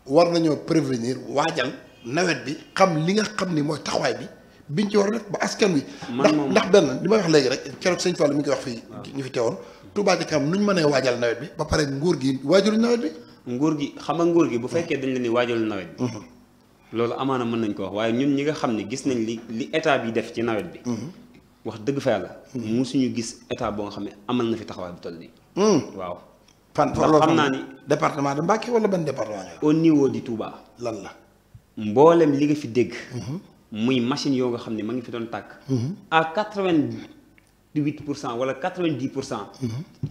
B: war nañoo prévenir waajal nawet bi xam li nga xam ni mooy taxawaay bi biñ ci war a ba askan wi. ndax ndax benn li ma wax léegi rek keroog sëñ Fall mi ngi wax fii. ñu fi teewoon Touba Ca Kanam nu ñu mënee waajal nawet bi. ba pare nguur
C: gi waajul nawet bi. nguur gi xam nga nguur gi bu fekkee dañ leen di waajal nawet bi. Mhm. loolu amaana mën nañ ko wax waaye ñun ñi nga xam ne gis nañ li li état bi def ci nawet bi mhm. wax dëgg fa yàlla. musuñu gis état boo nga xam ne amal na fi taxawaay bu toll nii. Hmm. waaw. fan xam naa ni département de Mbacké wala benn département au niveau di Touba. lan la. mboolem li nga fi dégg. Hmm. muy machine yoo nga xam ne ma ngi fi doon tàkk. Hmm. à quatre vingt huit pour cent wala quatre vingt dix pour cent.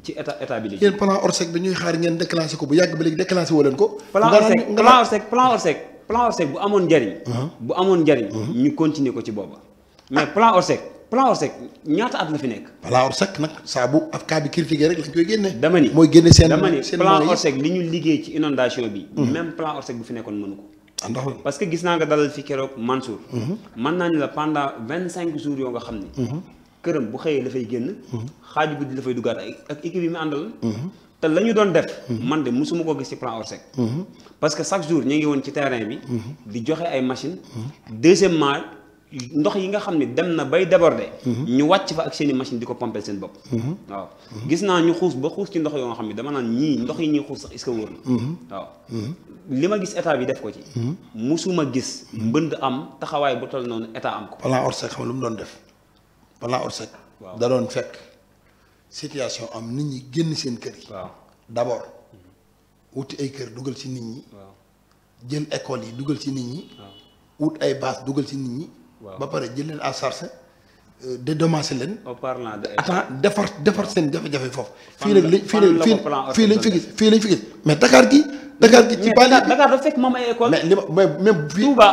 C: ci état bi la. yéen
B: plan Orsec ñuy xaar ngeen déclenché ko bu yàgg ba léegi déclenché woo leen ko. plan Orsec
C: plan Orsec plan Orsec plan Orsec bu amoon njariñ. bu amoon njariñ. ñu continuer ko ci booba plan Orsec ñaata at la fi nekk. plan Orsec nag saa bu ab cas bi critiqué rek lañ koy génne. dama ni mooy génne seen. dama ni plan Orsec li ñu liggéey ci inondation bi. Hmm. même plan Orsec bu ah, hmm. la pendant vingt cinq hmm. la ñu doon def. man de musuma ko gis ci plan parce que chaque jour ñu ngi woon ci terrain bi. di joxe ay machines. deuxièmement. ndox yi nga xam ne dem na bay déborder. Mhm. ñu wàcc fa ak seeni machine di ko pomper seen bopp. Mhm. waaw gis naa ñu xuus ba xuus ci ndox yoo nga xam ne dama naan ñii ndox yi ñuy xuus sax est-ce que mhm. waaw li ma gis état bi def ko ci. musuma gis mbënd am taxawaay bu toll noonu état am ko.
B: plan Orsec xam lu mu doon def plan Orsec. da doon fekk situation am nit ñi génn seen kër yi. waaw d'abord wuti ay kër dugal ci nit ñi. jël école yi dugal ci nit ñi. wut ay bâche dugal ci nit ñi. ba pare jël leen à charge euh, dédommagé leen. en parlant defar defar seen jafe-jafe foofu. fii nag fii nag lañ fi gis fii
C: lañ fi gis mais Dakar gi. Dakar gi ci bànn. mais Dakar dafa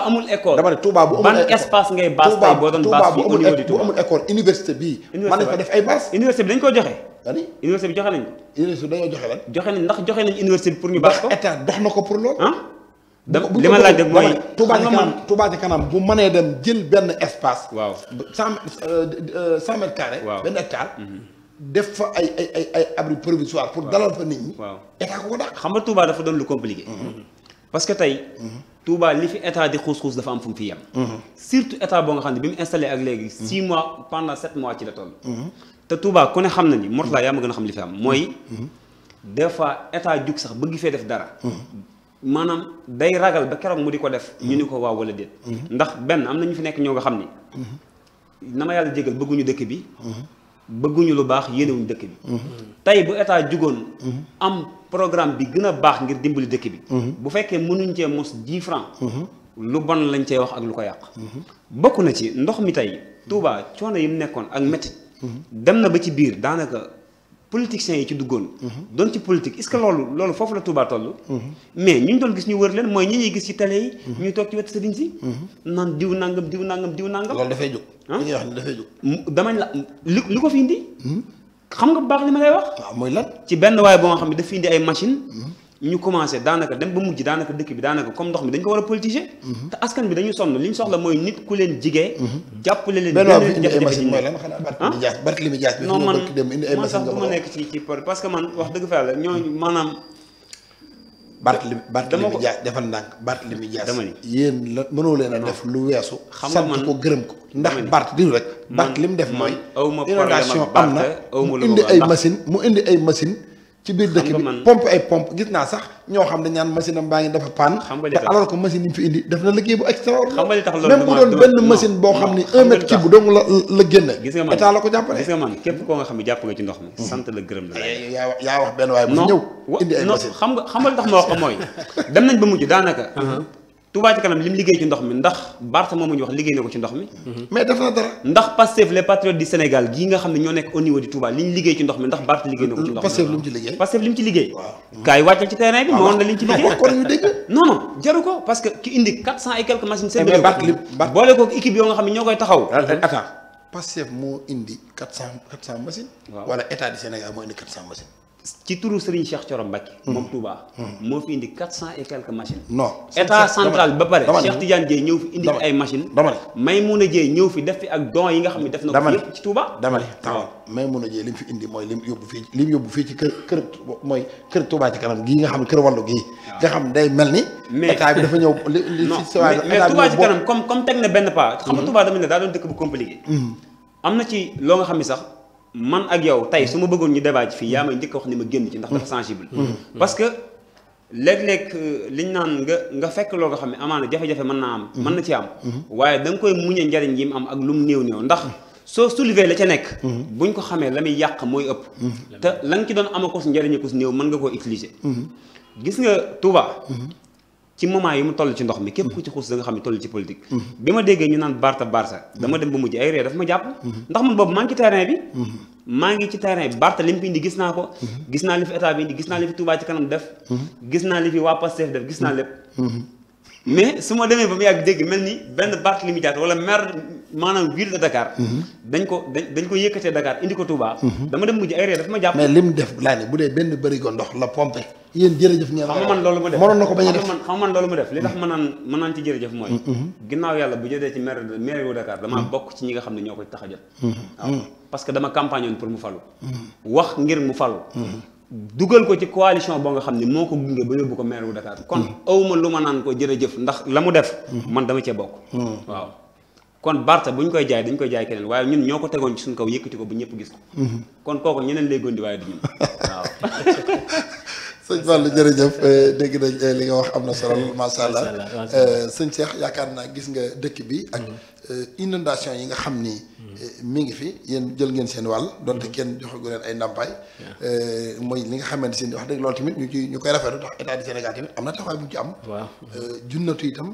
C: amul école. dama bu amul école ngay base boo doon base fii
B: université bii.
C: mën nañ fa def ay base. université bi dañ ko joxe. ani université bi joxe nañ ko. dañoo joxe lan. joxe nañ ndax joxe nañ université bi pour ñu baax ko. ndax na ko pour loolu. dama li ma laaj rek mooy Touba Ca Kanam
B: Touba Ca Kanam bu mënee dem jël benn espace. waaw cent euh, euh, cent mètres carrés.
C: waaw benn hectare. Mhm. def fa ay ay ay ay abri provisoire pour dalal fa nit ñi. waaw état ko ko dàq. xam nga tubaa dafa doon lu compliqué. Mhm. Mhm. parce que tey. Touba li fi état di xuus-xuus dafa am fu mu fi yem. surtout état boo nga xam ne bi mu installé ak léegi. 6 mois pendant 7 mois ci la toll. te Touba ku ne xam na ni Mourtala yaa ma gën a xam li fi am mooy. des fois état jug sax bëgg fee def dara. maanaam day ragal ba keroog mu di ko def. ñu ni ko waaw walla déet. Mhm. ndax benn am na ñu fi nekk ñoo nga xam ni. Mhm. na ma yàlla jégal bëgguñu dëkk bi. Mhm. bëgguñu lu baax yéenewuñu dëkk bi. tey bu état jugoon. am programme bi gën a baax ngir dimbali dëkk bi. bu fekkee mënuñ cee mos 10 francs lu bon lañ cee wax ak lu ko yàq. bokk na ci ndox mi tey Touba coono yi mu nekkoon ak métti. dem na ba ci biir daanaka. politiciens yi ci duggoon. Mhm. doon ci politique est-ce que loolu loolu foofu la Touba toll. Mhm. mais ñu dool gis ñu wër leen mooy ñi ñuy gis ci télé yi. Mhm. ñuy toog ci wetu sëriñ si. naan diw nangam diw nangam diw nangam. lool dafay jóg. Ah? li ñuy wax dafay jóg. damañ la li li ko fi ndi xam nga bu baax li ma lay wax. waaw mooy lan. ci benn waay boo nga xam ne daf fi indi ay machine ñu commencé daanaka dem ba mujj daanaka dëkk bi daanaka comme ndox mi dañ ko war a politiser. Mhm. te askan bi dañu sonn li ñu soxla mooy nit ku leen jigee mhm. jàppale leen jafe-jafe yi ñu non man man sax du ma nekk ci ci parce que man wax dëgg fa yàlla ñooñu maanaam
B: Barthélemy Barthélemy Dias defal ndànk Barthélemy Dias dama ni yéen la mënoo leen a def lu weesu sant ko gërëm ko ndax Barth diw rek Barth li mu def mooy inondation am na mu indi ay machine mu indi ay machine ci biir dëkk bi pompe ay pompe gis naa sax ñoo xam ne ñaan machine baa ngi dafa panne te alors que machine yi fi indi def na liggéey bu
C: extraordinaire même bu doon benn machine boo xam ni un mètre cube bu dong la la génne gis nga man ko jàppale gis nga man képp koo nga xam ne jàpp nga ci ndox mi sant la gërëm la yaa yaa wax benn waaye bu ñëw indi ay machine xam nga xam nga tax ma wax ko mooy dem nañ ba mujj daanaka uh-huh. Touba ci kanam li liggéey ci ndox mi ndax Barthe moomu ñu wax liggéey na ko ci ndox mi. Mm-hmm. mais def na dara. ndax Pastef les patriotes du Sénégal gii nga xam ne ñoo nekk au niveau du Touba liggéey ci ndox mi ndax Barthe liggéey na ko ci ndox mi. Pastef li ci liggéey. Pastef li mu ci liggéey. waaw kaay wàccal ci terrain bi. Ah, ci liggéey eh, boole ko équipe yoo nga xam ne ñoo koy taxaw. Ah, attends moo indi 400 400 machines. waaw wala état du Sénégal moo indi ci turu Serigne Cheikh Thioro Mbacke. Hmm. moom Touba. Hmm. moo fi indi quatre cent et central ba pare. Cheikh Tidiane Dieye ñëw fi indi ay machines. damay Maymouna Dieye ñëw fi def fi ak don yi nga xam ne def na ko
B: mu fi indi ci kanam ni. mais état bi dafa ñëw li li ci sa waay. mais Touba ci
C: kanam comme comme teg na benn pas. xam nga hmm. Touba tamit ne daa doon dëkk bu compliqué. am na ci loo nga xam ne sax man ak yow tey su ma bëggoon ñu débat fii yaa may njëkk wax ni ma génn ci ndax dafa sensible hmm. Hmm. parce que léeg-léeg euh, liñ naan nga nga fekk loo nga xam ne amaana jafe-jafe mën naa am hmm. mën na ci am waaye da nga koy muñe njariñ yi mu am ak lu mu néew néew ndax soo soulevé la ca nekk buñ ko xamee la muy yàq mooy ëpp te la nga ci doon ama ko su njariñe ko su néew man nga koo utiliser gis nga Touba ci moment yi mu toll ci ndox mi képp ku ci xuus da xam ne toll ci politique mm-hmm. bi ma déggee ñu naan Barta Barta dama dem ba mujj ay ree dafa ma jàpp mm-hmm. ndax man boobu maa ngi ci terrain bi mm-hmm. maa ngi ci terrain bi Barta li mu fi gis naa ko gis naa li fi état bi indi gis naa li fi Touba ci kanam def gis naa li fi waa def gis naa lépp mais su ma demee ba mu yàgg dégg mel ni benn Barta li mu jaat wala maire maanaam ville de Dakar. Mhm. dañ ko dañ ko yëkkatee Dakar indi ko Touba. Mhm. dama dem mujj ay réer dafa ma jàpp. mais lim def laa ne bu dee benn bërigo ndox la pompé.
B: yéen jërëjëf ngeen. xam nga man loolu mu def mënoon na ko bañ a def
C: xam nga man loolu mu def li tax ma mhm. naan ma naan ci jërëjëf mooy. ginnaaw ne ñoo koy tax parce que dama campagne pour mu falu. wax ngir mu falu. dugal ko ci coalition boo nga xam ne moo ko gunge ba yóbbu ko maire wu Dakar kon awma lu ma naan ko jërëjëf ndax la mu def man dama cee bokk waaw kon Bartha bu ñu koy jaay dañ koy jaay keneen waaye ñun ñoo ko tegoon ci suñu kaw yëkkati ko ba ñëpp gis ko. Mhm. kon kooku ñeneen lay gondi waaye du ñun waaw. sëñ
B: Fallou jërëjëf eh, dégg nañ eh, am na solo macha eh, allah sëñ Cheikh yaakaar naa gis nga dëkk bi ak mhm. inondation yi nga xam ni mhm. mi ngi fi yéen jël ngeen seen wàll donte kenn joxagu leen ay ndàmpaay mooy li nga xamante seen wax dëgg loolu tamit ñu ci ñu koy rafetlu ndax état du Sénégal tamit am na taxawaay bu ñu ci am junnatu itam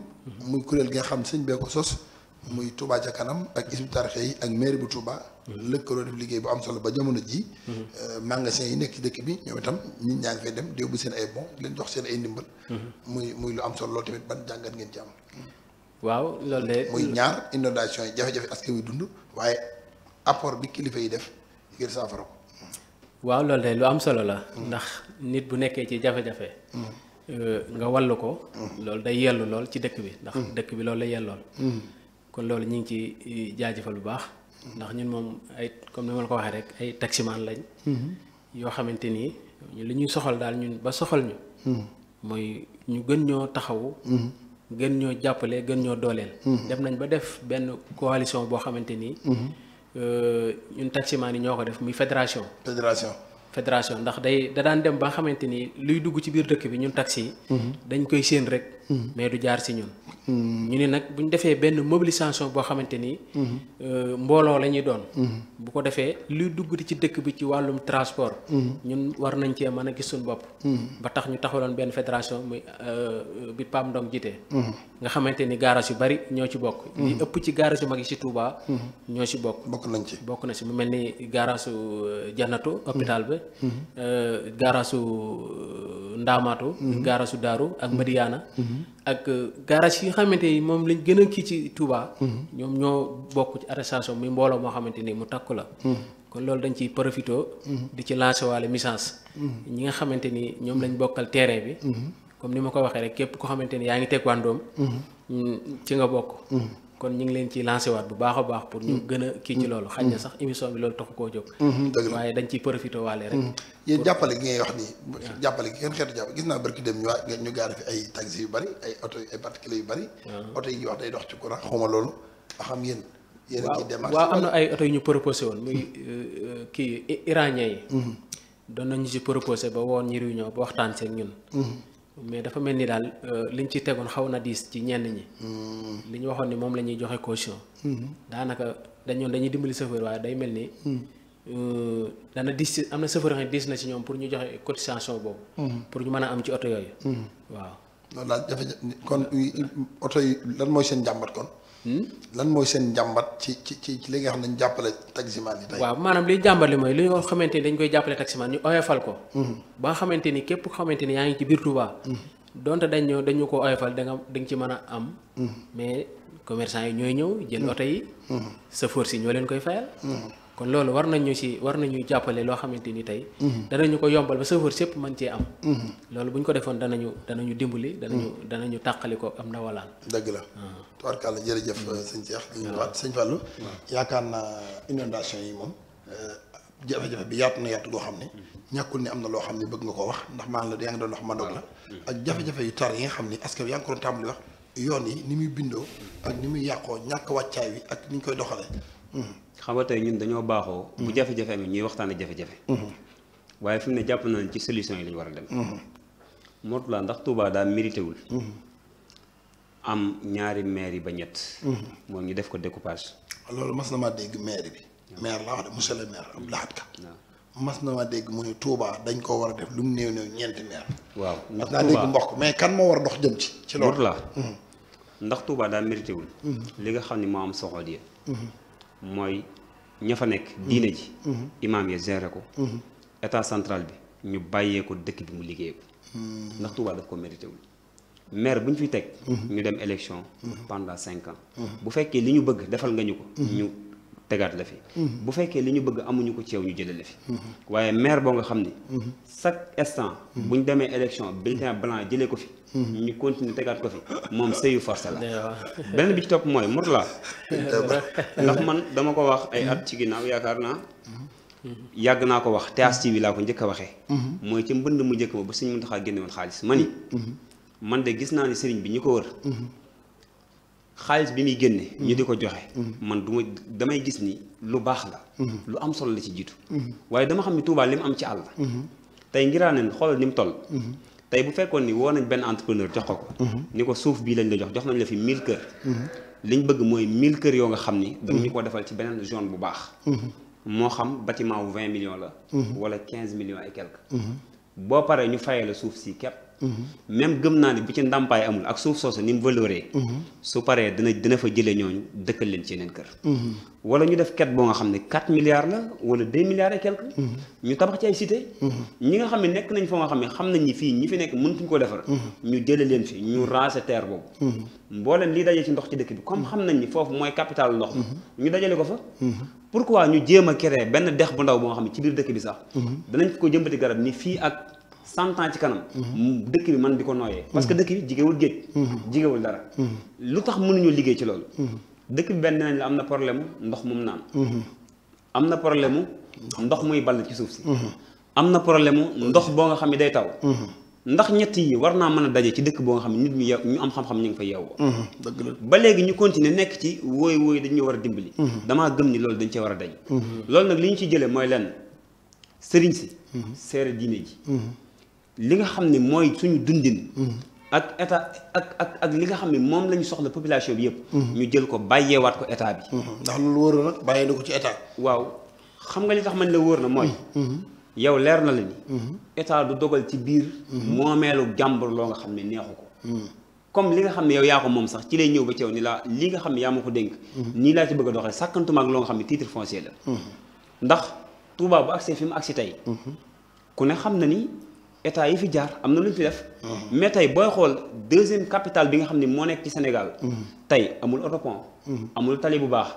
B: muy kuréel gi nga xam sëñ b ko sos muy Touba ca kanam ak isib tarxe yi ak mairie bu Touba. Mhm. lëkkaloo def liggéey bu am solo ba jamono ji mhm. euh, magasin yi nekk ci dëkk bi ñoom itam ñi ñaa dem di yóbbu seen ay bon leen seen ay ndimbal mhm. muy muy lu am solo tamit ban jàngat ngeen ci am waaw loolu de muy ñaar inondation yi jafe-jafe askan wi dund waaye apport bi kilifa yi def ngir saafara ko
D: waaw loolu de lu am solo la ndax nit bu nekkee ci jafe-jafe euh, nga wallu ko loolu day yellu lool ci dëkk bi ndax dëkk bi loolu la yellool kon loolu ñu ngi ci eh, jaajëfal bu baax ndax ñun moom ay comme ni ma la ko waxee rek ay taximaan lañ mm-hmm. yoo xamante nii li ñuy soxal daal ñun ba soxal ñu mm-hmm. mooy ñu gën ñoo taxawu mm-hmm. gën ñoo jàppale gën ñoo dooleel dem nañ ba def benn coalition boo xamante nii euh, ñun taximaan yi ñoo ko def muy fédération fédération fédération ndax day da daan dem ba xamante ni luy dugg ci biir dëkk bi ñun taxi yi dañ koy séen rek mais du jaar si ñun ñu ne nag bu ñu defee benn mobilisation boo xamante ni. Euh, mbooloo la ñuy doon. bu ko defee luy dugg ci dëkk bi ci wàllum transport. ñun war nañ cee mën a gis bopp. ba tax ñu taxawaloon benn fédération muy euh, bi PAM Ndong jite nga xamante ni garage yu bari ñoo ci bokk. li ëpp ci garage yu mag yi ci Touba. ñoo ci bokk bokk nañ ci bokk na si mu mel ni garage janatu euh, Jannatu. hôpital ba. garage su Ndaamaatu. garage Daaru ak Madiyaana. ak euh, garage yi xamante ni moom lañ gën a kii ci Touba. Mm-hmm. ñoom ñoo bokk ci arrestation muy mbooloo moo xamante ni mu takku la. Mm-hmm. kon loolu dañ ciy profité. Mm-hmm. di ci lancer waale message. ñi nga xamante ni ñoom lañ bokkal terrain bi. comme ni ma ko waxee rek képp ko xamante ni yaa ngi teg wàndoom. Mm, ci nga bokk. kon ñu ngi leen ci lancé waat bu baax a baax pour ñu mm. gën a kii ci mm. loolu xañ na mm. sax émission bi loolu taxu koo
B: jóg mm-hmm, waaye dañ ciy profité waale rek yéen jàppale gi ngay wax nii jàppale gi kenn yu bari ay oto ay particulier yu bari oto dox ci courant xawma loolu ba xam yéen yéen a ciy démarche am
D: na ay oto yu ñu proposé woon muy euh, kii iranien yi mm-hmm. doon nañu ci proposé ba woon ñu réunion ba waxtaan seen ñun mm-hmm. mais dafa mel ni daal euh, liñ ci tegoon xaw na diis ci ñenn ñi. Hmm. li ñu waxoon ni moom la ñuy joxe caution. Hmm. daanaka dañoon dañuy dimbali chauffeur waaye day mel ni. Hmm. Euh, dana diis ci am na chauffeur yoo diis na ci ñoom pour ñu joxe cotisation boobu. pour ñu mën
B: a am ci oto yooyu. waaw. loolu daal jafe-jafe kon oto yi lan mooy seen jàmbat kon. lan mooy seen njàmbat ci ci ci li nga xam ne ñu jàppale taximan yi tey. waaw maanaam
D: liy jàmbat li mooy li nga xamante ni dañ koy jàppale taximan ñu oyofal ko. Mm-hmm. ba nga xamante ni képp xamante ni yaa ngi ci biir Touba. Mm-hmm. donte dañ ñëw dañu ko oyofal da nga da ci mën a am. Mm-hmm. mais commerçant yi ñooy ñëw jël oto yi. sa force yi ñoo leen koy fayal. kon loolu war nañu si war nañu jàppale loo xamante ni tey. Mhm. danañu ko yombal ba chauffeur sépp mën cee am. Mhm. loolu bu ñu ko defoon danañu danañu dimbali. danañu mhm. danañu tàqali ko am na walaan.
B: dëgg la. tubaarkàlla jërëjëf sëñ Cheikh. ñu ñëwaat sëñ Fallou. yaakaar na inondation yi moom. Euh, jafe-jafe bi yaatu na yaatu goo xam ne ñàkkul ne am na loo xam ne bëgg nga koo wax ndax maa ngi la yaa ngi doon ma dog la ak jafe-jafe yu tar yi nga xam ne askan wi yaa ngi ko doon tàmbali wax yoon yi ni muy bindoo ak ni muy yàqoo ñàkk wàccaay wi ak ni koy doxalee
C: xam nga tey ñun dañoo baaxoo. bu mm-hmm. jafe-jafe amee ñuy waxtaanee jafe-jafe. Mm-hmm. waaye fi jàpp nañ ci solution yi la ñu war a dem. Mm-hmm. Mourtalla ndax tuubaa daa mérité wul. ñaari maire yi ba ñett. moom ñu def ko découpage.
B: Ah, loolu mas na maa dégg maire bi. maire laa wax de monsieur le mas na maa dégg mu ne dañ koo war a def lu mu néew néew waaw ndax Touba dégg mboq kan moo war a jëm ci. ci loolu Mourtalla
C: ndax Touba daa mérité wul. li nga xam ne moo am soxla mooy ña fa nekk diine mm-hmm. ji mm-hmm. imaam ya géré ko mm-hmm. état centrale bi ñu bàyyee ko dëkk bi mu liggéey ko ndax Touba daf ko mérité maire bu ñu fi teg ñu dem élection pendant cinq ans bu fekkee li ñu bëgg defal nga ñu ko ñu tegaat la fi. Mhm. bu fekkee li ñu bëgg amuñu ko ceew yow ñu jëlee la fi. Mhm. waaye maire boo nga xam ni. Mhm. chaque instant. bu ñu demee élection bulletin blanc jëlee ko fi. ñu continuer tegaat ko fi moom sëyu force la. beneen bi ci topp mooy Mourtala. ndax man dama ko wax ay at ci ginnaaw yaakaar naa. yàgg naa ko wax TH TV laa ko njëkk a waxee. mooy ci mbënd mu njëkk ma ba suñ mën taxaa génne woon xaalis ma ni. man de gis naa ni sëriñ bi ñu ko wër. xaalis bi muy génne. ñu di ko joxe. Mm-hmm. man du damay gis ni lu baax la. Mm-hmm. lu am solo la ci jitu mm-hmm. waaye dama xam ne Touba li mu am ci àll. tey Ngiraaneen xoolal ni mu toll. tey bu fekkoon ni woo nañ benn entrepreneur jox ko ni ko suuf bii lañ la jox jox nañ la fi 1000 kër. liñ bëgg mooy 1000 kër yoo nga xam ni. ñu ko defal ci beneen zone bu baax. moo xam bâtiment wu 20 millions la. wala 15 millions et quelque. boo paree ñu fayee la suuf si képp. même gëm naa ne bu ci ndàmpaay amul ak suuf soosu ni mu valoré su paree dina fa jëlee ñooñu dëkkal leen ci yeneen kër wala ñu def ket boo nga xam ne quatre milliards la wala deux milliards et quelque ñu tabax ci ay cité ñi nga xam nekk nañ fa nga xam ne xam nañ fii ñi fi nekk mëntuñ ko defar ñu jëlee leen fi ñu raser terre boobu mbooleem lii dajee ci ndox ci dëkk bi comme xam nañ ni foofu mooy capital ndox ñu dajale ko fa pourquoi ñu jéem a créer benn dex bu ndaw boo nga xam ci biir dëkk bi sax cent ans ci kanam. dëkk bi man di ko nooyee. parce que dëkk bi jigéewul géej. jigéewul dara. lu tax mënuñoo liggéey ci loolu. dëkk bi benn nañ la am na problème ndox mum naan. am na problème mu ndox muy ball ci suuf si. am na problème ndox boo nga xam ne day taw. ndax ñett yi war naa mën a daje ci dëkk boo nga xam ne nit ñi ñu am xam-xam ñu ngi fa yeewoo. dëgg la léegi ñu continuer nekk ci wooy wooy dañu war a dimbali. damaa gëm ni loolu dañ cee war a daje. loolu nag li ñu ci jëlee mooy lenn sëriñ si. Mm-hmm. seere diine ji. li nga xam ne mooy suñu dundin. Mm-hmm. ak état ak ak ak li nga xam ne moom lañu soxla population bi yëpp. Mm-hmm. ñu jël ko bàyyeewaat ko état bi. Mm-hmm. ndax loolu wóor na bàyyee na ko ci état. waaw xam nga li tax man la wóor na mooy. yow leer na la ni. état du dogal ci biir. moomeelu jàmbur loo nga xam ne neexu ko. comme li nga xam ne yow yaa ko moom sax ci lay ñëw ba ci yow ni laa li nga xam ne yaa ma ko dénk. nii laa ci bëgg a doxee sàkkantuma ak loo nga xam ne titre foncier la. ndax Touba bu agsi fi mu état yi fi jaar am na lu ñu fi def. mais tey booy xool deuxième capitale bi nga xam ne moo nekk ci Sénégal. tey amul autopont. amul tali bu baax.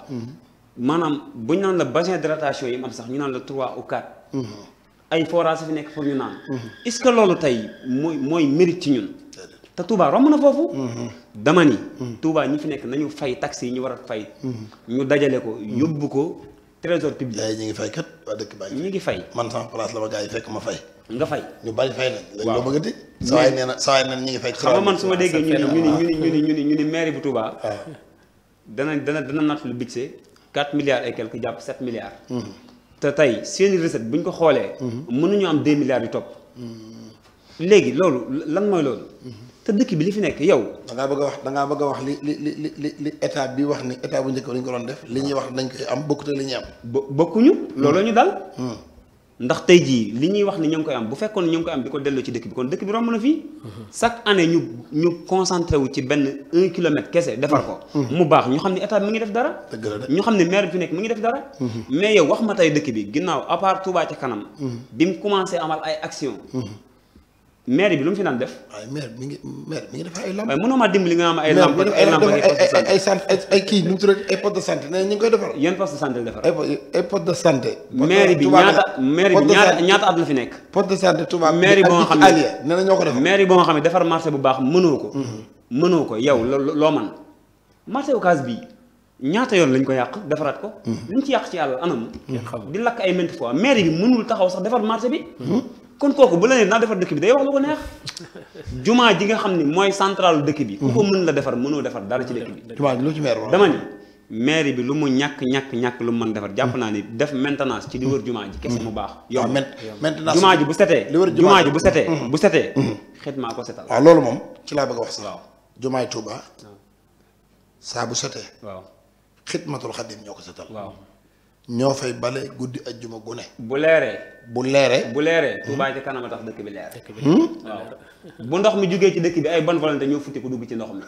C: maanaam bu ñu naan la bassin d'hydratation yi am sax ñu naan la trois au quatre. ay forage fi nekk pour ñu naan. est-ce que loolu tey mooy mooy mérite ci ñun. te Touba romb na foofu. dama ni. Touba ñi fi nekk nañu fay taxi yi ñu war a fay. ñu dajale ko yóbbu ko. trésor public. gars yi ñu ngi fay kat
B: waa dëkk baa ñu ngi fay. man sama place la ma gars yi fekk ma fay. nga fay ñu bari fay nañ. léegi loo bëgg a di. saa waay nee
C: na ñu ngi fay. xam man su ma déggee ñu ni ñu ni ñu ni ñu ni mairie bu Touba. Ah. dana dana dana natt lu budget 4 milliards et quelque jàpp 7 milliards. Mhm. te tey seeni recette bu ñu ko xoolee. Mhm. mënuñu am 2 milliards yu topp.
E: Mhm.
C: léegi loolu lan mooy loolu. te dëkk bi li fi nekk yow. da ngaa bëgg a wax da ngaa bëgg a wax li li li li li
B: bi wax ni état bu njëkk dañ ko doon def li ñuy wax dañ koy am bokkute li ñuy am. Hmm. ñu dal.
C: Hmm. ndax tey jii li ñuy wax ni ñoo ngi koy am bu fekkoon ñoo ngi koy am di ko delloo ci dëkk bi kon dëkk bi romb na fii. Hmm. chaque année ñu ñu concentré wu ci benn un kilomètre kese defar ko. mu baax ñu xam ne état mu ngi def dara. ñu xam ne maire bi fi nekk mu ngi def dara. mais yow wax ma tey dëkk bi ginnaaw à part Touba ca kanam. bi mu commencé amal ay action maire bi lu mu fi naan def. am ay. lamp ay lamp ay ay sant ay kii nu mu tuddati ay bi ñaata maire ñaata at la fi nekk. poste ko boo nga xam ne defar marché bu baax mënoo ko. Mhm. mënoo loo man marché Ocass bii ñaata yoon lañ ko yàq defaraat ko. Mhm. li ci yàq ci àll anam. di lakk ay maintes fois maire bi mënul taxaw sax defar marché bi. Mhm. kon kooku bu la nee naa defar dëkk bi day wax lu ko neex jumaa ji nga xam ni mooy central dëkk bi ku ko mën la defar mënoo defar dara ci dëkk bi jumaa lu ci meer dama ni maire bi lu mu ñàkk ñàkk ñàkk lu mu man defar jàpp naa ni def maintenance ci li wër jumaa ji kese mu baax yow maintenance jumaa ji bu setee li wër ji bu setee mm-hmm. bu setee mm-hmm. xet maa ko setal waaw
B: loolu moom ci laa bëgg a wax sax waaw jumaay Tuuba saa bu setee waaw xidmatul xadim ñoo ko setal waaw ñoo fay bale guddi ak juma
C: gune bu leeree. bu leeree bu leeree. Hmm? Touba ci kanam a tax dëkk bi leer. Hmm? bu ndox mi jugee ci dëkk bi ay ban volonté ñoo futti ko dugg ci ndox mi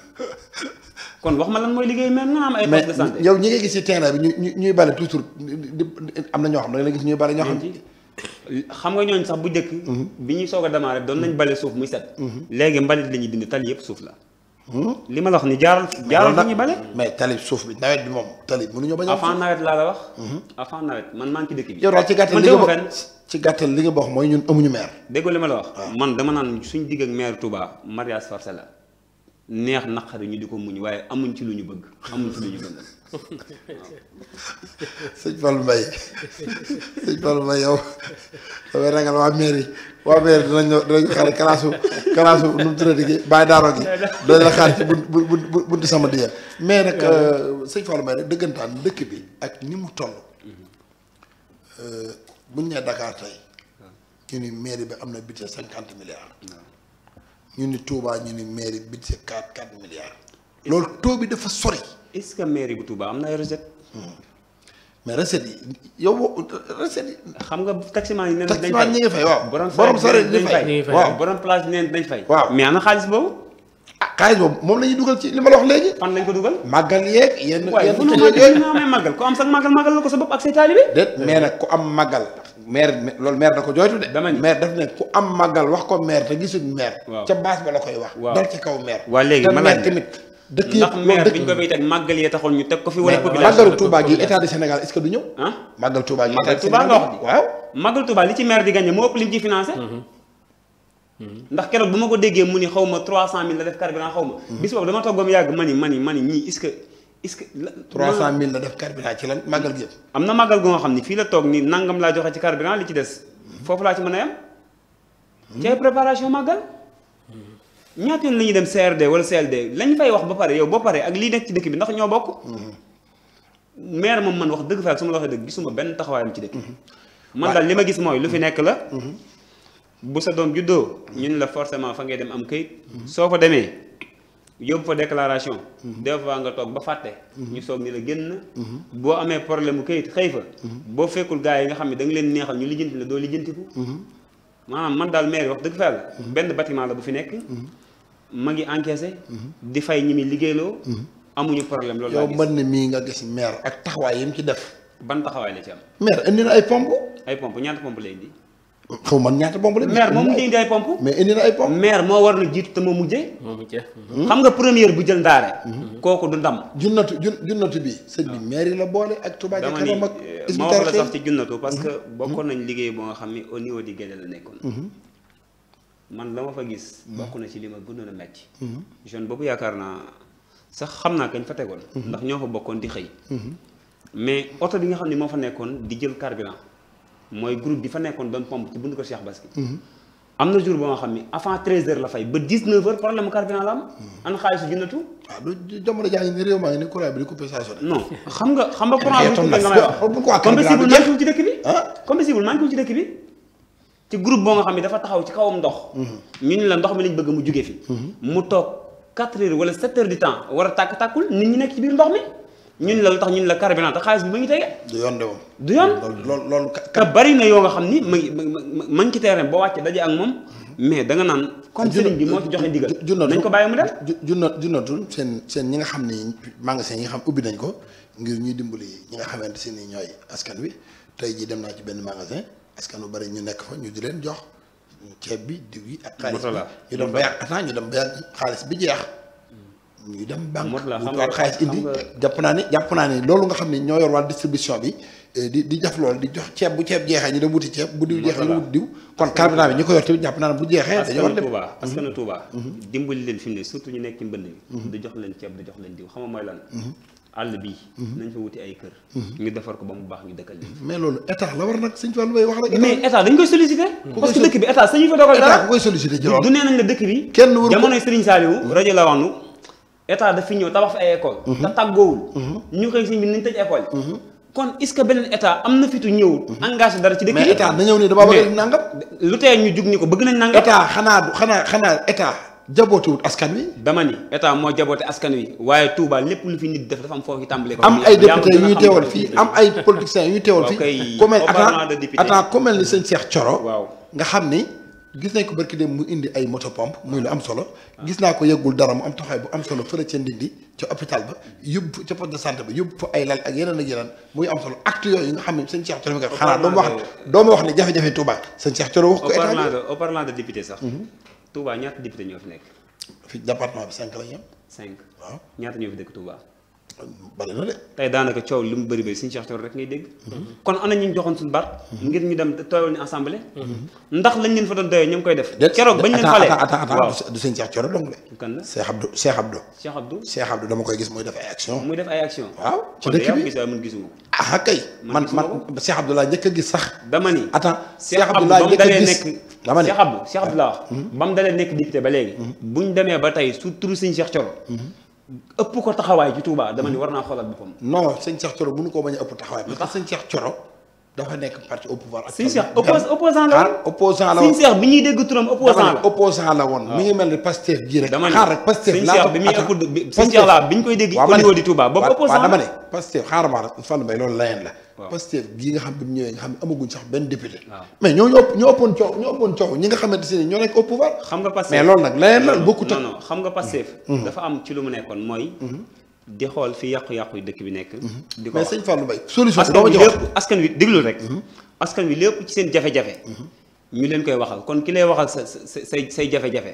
C: kon wax ma lan mooy liggéey même nga am ay poste de santé. yow ñi gis
B: ci terrain bi ñu ñuy bale toujours am na ñoo xam da ne gis ñuy
C: bale ñoo xam. xam nga ñooñ sax bu njëkk. Hmm? bi ñuy soog a démarrer doon nañ bale suuf muy set. léegi mbalit la ñuy dindi tali yëpp suuf la. Hmm? li ma la wax ni jaaral jaaral fi ñu bale mais talib suuf bi nawet bi moom talib mënuñoo bañ a. avant nawet laa la wax. Hmm? avant nawet man maa ngi ci dëkk bi. yow daal ci gàttal li nga
B: ci gàttal li nga wax mooy ñun amuñu maire.
C: déggoo li ma la wax. Ah. man dama naan suñu digg ak maire Touba mariage forcé la neex naqari ñu di ko muñ waaye amuñ ci lu ñu bëgg amuñ ci lu ñu bëgg. sëñ Fallou Mbaye
E: sëñ
B: Fallou Mbaye yow dafay ragal waa mairie waa mairie dinañ ñëw dinañ xaar kalaasu kalaasu nu mu tuddati gi bàyyi daaro
F: gi doo la xaar ci bunt
B: bunti sama diya mais nag euh, sëñ Fallou Mbaye nag dëkk bi ak ni mu toll euh, tey ñu ni mairie bi am na budget cinquante milliards ñu ni Touba ñu ni mairie budget quatre quatre milliards loolu taux bi dafa sori
C: est-ce que mairie bu Touba am na ay recette hmm. mais recette yi yow recette yi. xam nga taximaan yi nee nañ. dañ fay ñi ngi fay waaw. borom sare dañ fay waaw borom place nee dañ mais ana xaalis boobu. ah xaalis boobu moom la ñuy dugal ci li ma la wax léegi. fan ko dugal. màggal yeeg yenn yenn tuuti yeeg yooyu amee màggal ku la ko sa bopp ak say
B: loolu maire da ko jooytu de. dama maire ne ku am màggal wax ko maire te gisul maire. ca
C: baas ba la koy wax. dal ci kaw maire. waa léegi ma laaj tamit dëkk yëpp ndax maire bi ñu ko fiy teg yee taxoon ñu teg ko fi wala population màggalu Touba gi état du
B: Sénégal est-ce que du ñëw ah màggal gi
C: màggal Touba di gagné moo ëpp li mu financé mhm. Mhm. ndax keroog bu ma ko déggee mu ni xaw ma 300000 la def carburant xaw ma mhm. bis boobu dama toggoom yàgg ma ni ma ni ma ni ñii est-ce que est-ce que 300000 la def carburant ci lan màggal gi yëpp am na màggal gu xam ni fii la toog ni nangam laa joxe ci carburant li ci des foofu laa ci mën a yem ci préparation ñaata yoon la ñuy dem CRD wala CLD lañ fay wax ba pare yow ba pare ak lii nekk ci dëkk bi ndax ñoo bokk. Mm-hmm. maire moom man wax dëgg fa ak su ma la waxee dëgg gisuma benn taxawaayam ci dëkk. Mm-hmm. man daal li ma gis mooy lu fi nekk la. Mm-hmm. sa doom juddoo ñun la forcément fa ngay dem am kayit. soo fa demee yóbbu fa déclaration. des fois nga toog ba fàtte. ñu soog ni la génn. boo amee problème mu kayit xëy fa. boo fekkul gars yi xam ne da leen neexal ñu lijjanti la doo lijjantiku. maanaam man daal maire wax dëgg fa la benn bâtiment la bu fi nekk. mag ngi encaissé. di fay ñi muy liggéeyloo. amuñu problème loolu laa yow mën na mii nga gis maire ak taxawaay yi mu ci def. ban taxawaay la ci am.
B: maire indi na ay pompe
C: ay pompe ñaata pompe la indi. xaw man ñaata pompe la. maire moom mais indi na ay pompe maire moo war na jiitu te moo mujjee. Hmm? xam nga première bu jël ndaare. Hmm? kooku du ndam. junnatu jun junnatu bi sëñ bi ah. maire yi la boole ak. Touba Ca Kanam ak. dama eh, wax la sax ci junnatu parce que hmm? bokkoon nañ liggéey boo nga xam ni au niveau di Guédé la nekkoon. man la ma fa gis. bokk na ci li ma gënoon a metti. Mhm. jeune boobu yaakaar naa sax xam naa kañ fa tegoon. Mhm. ndax ñoo fa bokkoon di xëy. Mhm. mais oto bi nga xam ne moo fa nekkoon di jël carburant mooy groupe bi fa nekkoon doon pompe ci buntu ko Cheikh Baski. am na jour ba nga xam ni avant 13h la fay ba 19h problème carburant la am. an xaalis junnatu. waaw ah, du jamono xam nga xam nga courant bi. nga may wax comme ko ci dëkk bi. comme si bu maa ci dëkk bi. ci groupe boo nga xam ne dafa taxaw ci kawam ndox. Mhm. ñu ne la ndox mi lañ bëgg mu jugee fi. Mhm. mu toog 4 heures wala 7 heures du temps war a tàkk tàkkul nit ñi nekk ci biir ndox mi. ñun la lu tax ñun la carburant te xaalis bi mu ngi de woon. du yoon loolu loolu. bari na yoo nga xam ni ma ma ngi ci boo wàccee daje ak moom. Mhm. mais da naan. comme sëriñ
B: bi moo ci joxe nañ ko bàyyi mu dem junnatul junnatul seen seen ñi nga xam ni magasin yi nga xam ubbi nañ ko ngir ñuy dimbali ñi nga xamante ne ñooy askan wi tey jii dem naa ci benn magasin askan wu bari ñu nekk fa ñu di leen jox ceeb bi diw yi ak. xaalis bi ñu dem ba yàgg xanaa ñu dem ba yàgg xaalis bi jeex. ñu dem banque wutaat xaalis indi jàpp naa ni jàpp naa ni loolu nga xam ne ñoo yor waa distribution bi eh, di di def loolu di jox ceeb bu ceeb jeexee ñu dem wuti ceeb bu diw jeexee ñu wuti diw kon carburant bi ñu ko yor tamit jàpp naa ne bu jeexee dañoo war dem mhm. askanu
C: Touba mhm. dimbali leen fi mu surtout ñu nekk ci mbënd bi mhm. di jox leen ceeb di jox leen diw xam nga mooy lan àll bi mhm. nañ fa wuti ay kër ñu mhm. defar ko ba mu baax ñu dëkkal leen
B: mais loolu état la war nag sëñ Fallou Mbaye wax rek mais
C: dañ koy sollicité parce que dëkk bi état sañu fa dogal dara ku koy sollicité ji du nee nañ mhm. ñëw tabax fi ay école te tàggoowul ñu xëy sëñ bi nañ tëj école kon est beneen état am na fitu ñëw engagé dara ci dëkk bi mais état na ñëw ne dama bëgg ko bëgg nañ nangam état xanaa xanaa xanaa jabootewut askan wi. dama ni état moo jaboote askan wi waaye Touba lépp lu fi nit def dafa am foofu yi tàmbalee. am ay député yu ñu teewal fii am ay politiciens yu ñu teewal fii. comme attends
B: ku mel ni sëñ seex Thioro. waaw nga xam ni. gis nañ ko barki dem mu indi ay moto pompe muy lu am solo. gis naa ko yëggul dara mu am taxawaay bu am solo fële ca Ndindi ca hôpital ba yóbbu ca poste de santé ba yóbbu fa ay lal ak yeneen ak yeneen muy am solo acte yi nga xam ne sëñ Cheikh Thioro mi nga xanaa doo ma wax doo ma wax ne jafe-jafe Touba sëñ Cheikh Thioro wax ko
C: état bi Touba ñaata député ñoo fi nekk. fi département bi cinq la bari na de. tey daanaka coow li mu bëri bëri suñu Cheikh Thioro rek ngay dégg. kon na ñu joxoon suñu baat. ngir ñu dem tooyal ñu assemblée. ndax lañ leen fa doon ñu ngi koy def. keroog bañ leen falee attends
B: du sëñ Cheikh Thioro dong de. kan la Cheikh Abdou dama koy gis muy def ay action muy def
C: ay action waaw ci dëkk bi gis man gisuma ah kay. man man Cheikh Abdou laa njëkk a gis sax. dama ni attends Cheikh Abdou laa njëkk a gis dama ne Cheikh seex Cheikh Abdou laa wax hmm. ba mu dalee nekk député ba léegi hmm. buñ demee ba tey su turu ëpp ko taxawaay ci Touba dama ni war naa xoolal boppam. non sëñ Cheikh Thioro mënu koo bañ a ëpp taxawaay parce que sëñ Cheikh Thioro dafa nekk parti au pouvoir. ak sëñ Cheikh bi ñuy dégg turam opposant la woon mi ngi mel ni Pastef ji rek xaar rek Pastef laa bi muy ëpp sëñ Cheikh la bi ñu koy dégg au niveau dama ne
B: Pastef xaaral ma rek Fallou Mbaye loolu layeen la Pastef gii nga xam bi mu ñëwee nga xam ne amaguñ sax benn député mais ñoo ñoo ñoo ëppoon coow ñoo ëppoon coow ñi nga xamante ne ñoo nekk au pouvoir
C: xam nga Pastef mais loolu nag leneen la bokku non non xam nga Pastef mm-hmm. Mm-hmm. dafa am ci lu mu nekkoon mooy mm-hmm. di xool fi yàqu-yàqu yi dëkk bi nekk di ko mais sëñ Fallou Mbaye solution askan wi diglu rek askan wi lépp ci seen jafe-jafe ñu leen koy waxal kon ki lay waxal sa say say jafe-jafe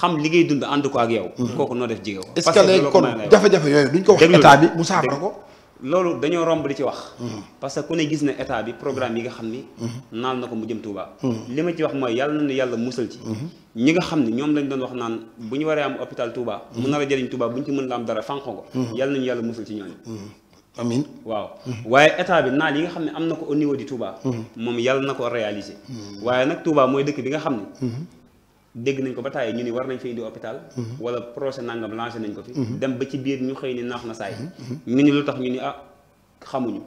C: xam li ngay dund ànd ko ak yow kooku noo def jigéen ko jafe-jafe
E: yooyu duñ ko wax état bi mu
C: ko loolu dañoo romb di ci wax. Mm-hmm. parce que ku ne gis ne état bi programme yi nga xam ni. Mm-hmm. naal na ko mu jëm Touba. Mm-hmm. li ma ci wax mooy yàlla nañu yàlla musal ci. ñi nga xam ne ñoom lañ doon wax naan bu ñu waree am hôpital Touba. mu nar a jëriñ Touba bu ñu ci mën la am dara fànq ko. yàlla nañu yàlla musal ci ñooñu. amin waaw waaye état bi naal yi nga xam ne am na ko au di du moom yàlla na ko réaliser. waaye nag Touba mooy dëkk bi nga xam ne. dégg nañ ko ba tàyyi ñu ni war nañ fay indi hôpital mhm. wala projet nangam lancé nañ ko fi mhm. dem ba ci biir ñu xëy ni naax na saay mhm. ñu ni lu tax ñu ni ah xamuñu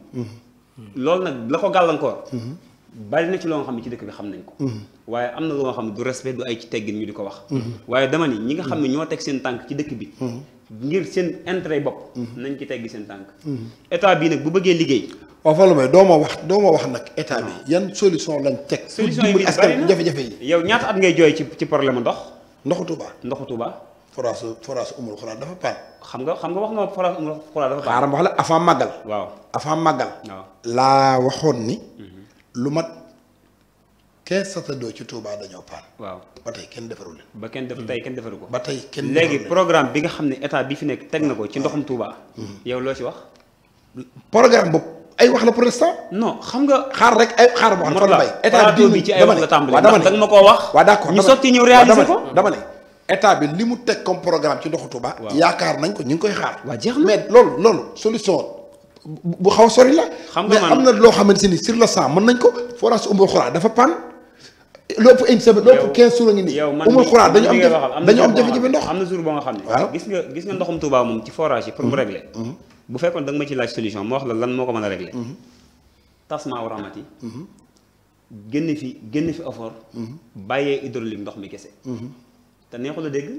C: loolu nag la ko gàllankoor bari na ci loo nga xam ne ci dëkk bi xam nañ ko waaye am na loo nga xam ne du respect du ay ci teggin ñu di ko wax waaye dama ni ñi nga xam ne ñoo teg seen tànk ci dëkk bi ngir seen intérêt bopp. Mhm. nañ ci teggi seen tànk. Mhm. état bi nag bu bëggee liggéey. waaw fa lu may doo ma wax doo ma wax nag état bi yan
B: solution lañ teg. solution yi askan jafe-jafe
C: yi. yow ñaata at ngay jooy ci ci problème ndox. ndoxu Touba. ndoxu Touba. forage forage Oumoul Khoura dafa paan. xam nga xam nga wax nga forage Oumoul Khoura dafa paan. xaaral ma wax la avant màggal. waaw avant màggal. waaw
B: laa waxoon ni. Mhm. lu mat.
C: kees sasadoo ci Touba dañoo paal. waaw ba tey kenn defaru leen. ba kenn def hmm. tey kenn defaru ko. ba tey kenn léegi programme bi nga xam ne état bi fi nekk teg na ko ci hmm. ndoxum Touba. Hmm. yow loo ci wax. programme boobu ay wax la pour l'instant. non xam nga. xaar rek ay xaar boo xam ne état bi ci ay wax la tàmbali dama ne ma koo wax. waaw d'accord ñu sotti ñëw réaliser ko dama ne
B: état bi li mu teg comme programme ci ndoxu Touba. yaakaar nañ ko ñu ngi koy xaar. waaw jeex na mais loolu loolu solution. bu xaw a sori la. xam nga man mais am na loo xamante ni sur le champ mën nañ ko forage Oumoul Khoura dafa pan lépp une semaine lépp 15 jours a ngi nii. yow man
C: dañu am jafe-jafe ndox. am na jour boo nga xam ne. waaw gis nga gis nga ndoxum Touba moom ci forage yi. pour mu mm-hmm. régler. Mm-hmm. bu fekkoon da ma ci laaj solution ma wax la lan moo ko mën a régler. Mm-hmm. tasuma war amati. génn fi génn fi effort. bàyyee hydraulique ndox mi kese. te neexul a dégg.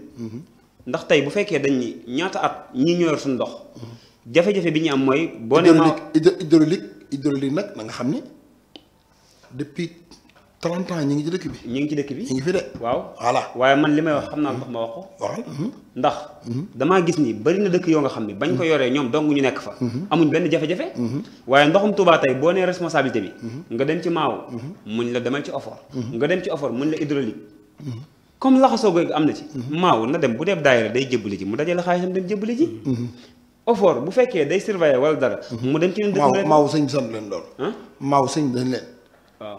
C: ndax tey bu fekkee dañ ñaata at ñi ñoo suñ ndox. jafe-jafe bi ñu am mooy. boo ne ma hydraulique hydraulique nag na nga xam ni 30 ans ñi ngi ci dëkk bi. ñi ngi ci dëkk bi ñi ngi waaw voilà waaye man li may xam naa mm-hmm. mm-hmm. ndax ndax. Mm-hmm. damaa gis ni bari na dëkk yoo nga xam ni bañ ko yoree ñoom dong ñu nekk fa. amuñ benn jafe waaye ndoxum Touba tey boo nee responsabilité bi. nga dem ci maaw. muñ la demal ci effort. nga dem ci effort muñ la hydraulique. comme laxasoo googu am na ci. maaw na dem bu dee daayira day jëbbali ji mu dajale xaalisam dem jëbbali ji. effort bu fekkee day surveiller wala dara. mu dem ci ñun dëkk maaw maaw
B: sëñ bi sant leen lool. maaw sañ dañ leen waaw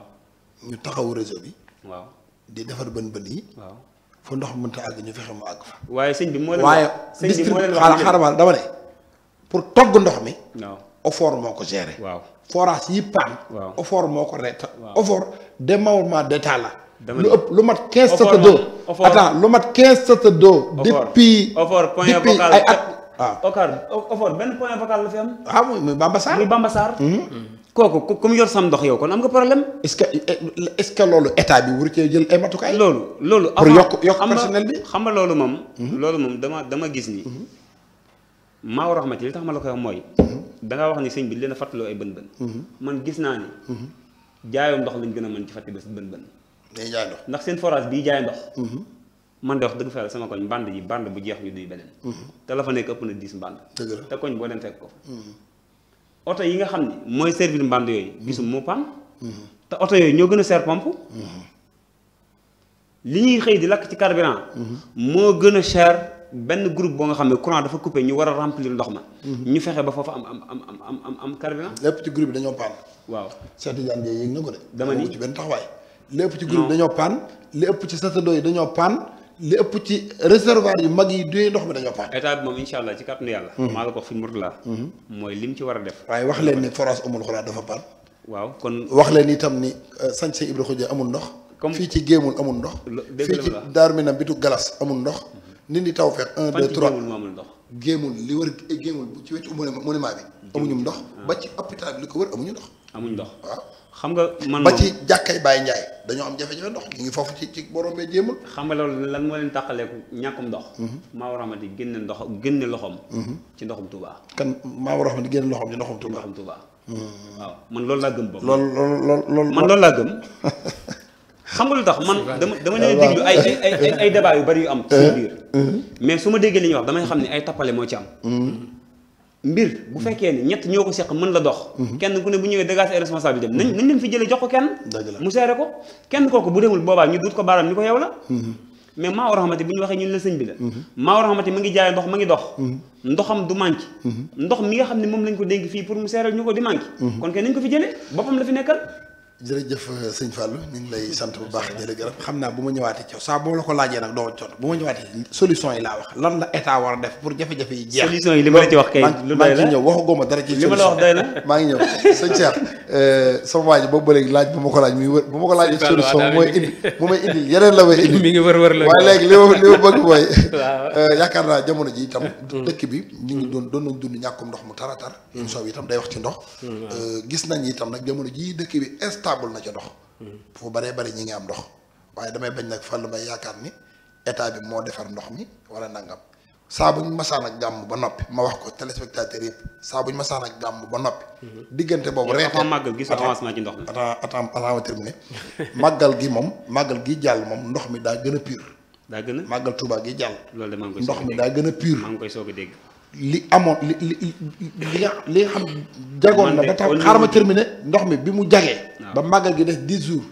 B: ñu taxaw réseau bi. waaw di defar bën bën yi. waaw fa ndox mënta àgg
C: ñu fexe mu àgg fa. waaye sëñ bi moo leen waaye district xaaral xaaral dama ne
B: pour togg ndox mi. waaw OFOR moo ko géré. waaw yi paan. waaw moo ko reeta. waaw OFOR démembrement lu ëpp lu mat 15 sata d'eau. OFOR lu mat 15 sata d'eau. depuis
C: depuis ay at. la fi am. waaw ah, muy Bamba muy Bamba kooku ku mu yor sam ndox yow kon am nga problème. est-ce que eh, est-ce que loolu état bi waru cee jël ay matukaay. loolu loolu pour yokk yokk personnel bi xam nga loolu moom. Mhm. loolu moom dama dama gis nii maa war a xamante li tax ma la koy wax mooy. Mhm. da wax ni sëñ bi leen a fàttaloo ay bën bën. Mhm. man gis naa ni. jaayoo ndox lañ gën a mën ci fàttali bés bën bën. day jaay ndox ndax seen forage bii jaay ndox. man de wax dëgg fa sama koñ band yi band bu jeex ñu duy beneen. te la fa nekk ëpp na 10 la te ko. oto yi nga xam ni mooy servir mbànd yooyu mm-hmm. gisum mu pan mm-hmm. te oto yooyu ñoo gën a seer pompe mm-hmm. li ñuy xëy di lakk ci carburant moo gën a cher benn groupe boo nga xam ne courant dafa coupé ñu war a remplir ndox ma ñu fexe ba foofu am am am am am am carburant lépp ci groupe bi dañoo paan waaw Cheikh Tidiane Dièye yéeg ko de dama
B: ni ci benn lépp ci groupe dañoo paan lépp ci satado yi dañoo paan li ëpp ci réservoir yu mag yi duyee ndox mi dañoo paat
C: état bi moom incha allah ci kàttanu yàlla. Mhm. maa la ko fi mu la. Mhm. mooy lim ci war a def. waaye waxleen leen ni forage amul xolaat dafa paat. waaw kon wax
B: itam ni sànq euh, si Ibra Khoudia amul ndox. comme fii ci Géemul amul ndox. fii ci Darou na bitu Galas amul ndox. Mhm. nit ñi taw fekk un deux amul ndox. Géemul li wër Géemul ci wetu monument bi. amuñu ndox ah. ba ci hôpital bi li ko wër amuñu ndox. amuñ ndox xam nga man ba ci
C: jàkkay Baye Ndiaye dañoo am jafe-jafe ndox ñu ngi foofu ci ci borom bee jéemul xam nga loolu lan moo leen tàqaleeku ñàkkum ndox mhm. Maam Rahmati génne ndox génne loxom mhm. ci ndoxum Touba
B: kan Maam Rahmati génne loxom ci ndoxum
C: Touba ndoxum Touba mhm. waaw man loolu laa gëm boobu loolu
B: loolu loolu man loolu laa
C: gëm xam nga lu tax man dama dama leen déglu ay ay ay débat yu bari yu am ci biir mais su ma déggee li ñuy wax damay xam ne ay tappale moo ci am mbir bu fekkee ni ñett ñoo ko seq mën la dox mhm. kenn ku ne bu ñëwee dégage ay responsabilité nañ mhm. nañ leen fi jële jox ko kenn mu seere ko kenn kooku bu demul boobaa ñu duut ko baaraam ni ko yow la mhm. mais maa war a bu ñu waxee ñun la sëñ bi la maa war mu ngi jaay ndox ma ngi dox ndoxam du manqué ndox mi nga xam ne moom lañ ko dénk fii pour mu seeral ñu ko di manqué kon kenn nañ ko fi jële boppam la fi nekkal jërëjëf
B: euh, sëñ Fallou ñu ngi lay sant bu baax di la gërëm xam naa bu ma ñëwaatee ci saa boo ko laajee nag doo coono bu ma ñëwaatee solution yi laa wax lan la état a def pour jafe-jafe yi jeex. solution yi li ma la ci wax kay. lu doy la maa ngi ñëw waxu góoma la wax bu ma ko laaj muy wër bu ma ko laajee solution mu may indi mu may indi yeneen la may indi mi ngi wër wër la waaye léegi li ma li euh, naa jamono ji itam mm. dëkk bi ñu ngi mm. doon doon nañ dund ñàkkum ndox mu taratar mm. soob itam day wax ci ndox euh, gis nañ itam nag jamono ji dëkk bi tàmbul na ca ndox. fu baree bari ñi ngi am ndox waaye damay bañ nag fàllu may yaakaar ni état bi moo defar ndox mi wala nangam saa buñ masaan ak gàmm ba noppi ma wax ko téléspectateur yëpp saa buñ masaan ak gàmm ba noppi. Mhm. diggante boobu reete yow màggal gi sa avancement ci ndox mi. attends attends avant ma terminer màggal gi moom màggal gi jàll moom ndox mi daa gën a pur. daa gën a màggal Touba gi jàll. loolu a dégg ndox mi daa gën a pur. maa ngi koy soog a dégg. li amoon li li li nga li xam jagoon na ba tax xaaral ma terminé ndox mi bi mu jagee ba màggal gi def dix jours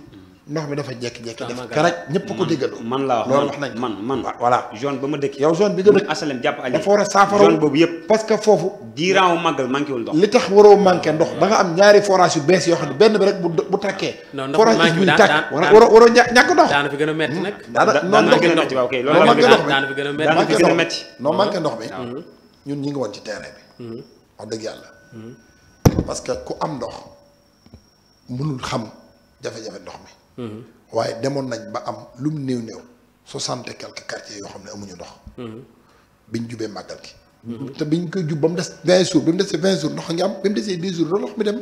B: ndox mi dafa jekki-jekki def karaj ñëpp ko déggandoo man laa wax
C: nañ man man voilà zone ba ma dëkk yow zone bi nga dëkk asalem jàpp ali dafa war a saafara zone boobu
B: li tax waroo manqué ndox ba nga am ñaari forage yu bees yoo xam ne benn bi rek bu bu tàkkee forage tàkk waroo
D: ñàkk ndox daana fi gën a metti nag ndox mi a metti daana fi gën a metti noo manqué ndox
B: mi ñun ñi ngi woon ci terrain bi. Mhm. wax dëgg yàlla. Mhm. parce que ku am ndox mënul xam jafe-jafe ndox mi. Mhm. waaye demoon nañ ba am lu mu néew néew soo et quelques quartiers yoo xam ne amuñu ndox. biñ jubee màggal gi. te biñ koy jub ba mu des vingt jours ba mu desee vingt jours ndox ngi am ba mu desee dix jours ndox mi dem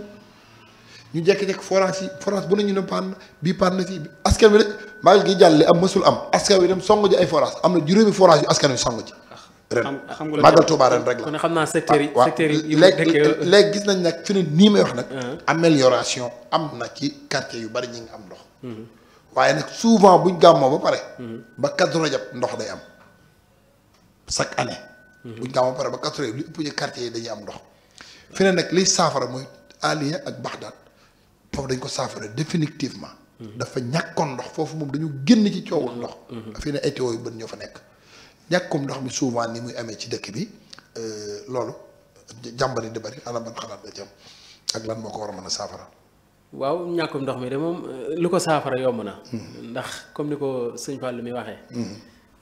B: ñu jekk-jekk forage yi forage bu ne ñu ne paan bii paan na fii askan wi rek màggal gi jàll am mësul am askan wi dem song ji ay forage am na juróomi forage askan wi song ren màggal Touba ren rek la. kon xam naa secteur yi secteur yi euh, léegi gis nañ nag fi ni nii may wax nag.
E: Uh-huh. amélioration
B: am na ci quartier yu bari ñi ngi am ndox. Uh-huh. waaye nag souvent buñ gàmmoo ba pare. Uh-huh. ba quatre rajab ndox day am chaque année. buñ gàmmoo ba pare ba quatre rajab li ëpp ci quartier yi dañuy am ndox. fi ne nag liy saafara mooy Aliya ak Baxdaad foofu dañ ko saafara définitivement. dafa ñàkkoon ndox foofu moom dañu génn ci coowul ndox. fi ne ay yoo yu bën ñoo fa nekk. ñàkkum ndox mi souvent ni muy amee ci dëkk bi euh, loolu jàmbari di bëri ana ban xalaat nga ci am ak lan moo ko war a mën a saafara.
D: waaw ñàkkum ndox mi de moom euh, lu ko saafara yomb na. Hmm. ndax comme ni ko sëñ Fall muy waxee. Hmm.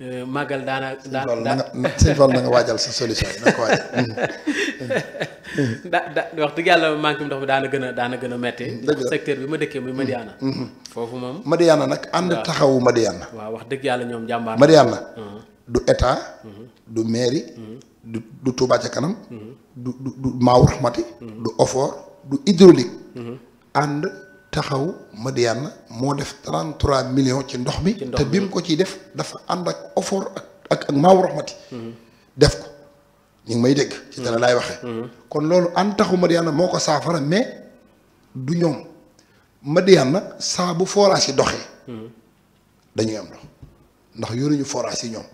D: Euh, màggal daana daana sëñ na nga waajal sa solution yi na ko waajal. Hmm. da da wax dëgg yàlla manqué ndox mi daana gën a daana gën a metti secteur bi ma dëkkee muy Madiana foofu moom Madiana nag ànd taxawu Madiana waaw wax dëgg yàlla ñoom jàmbaar Madiana du état. du mairie.
B: du du Touba ca kanam. du du du Maawu du Ofor du hydraulique. ànd taxaw Madiyana moo def trent 33 million ci ndox mi. te bi mu ko ciy def dafa ànd ak Ofor ak ak ak Maawu def ko ñu ngi may dégg. ci dana laay waxee. kon loolu ànd taxaw Madiyana moo ko saafara mais du ñoom Madiyana saa bu forage yi doxee. dañuy am ndox. ndax ñu forage yi ñoom.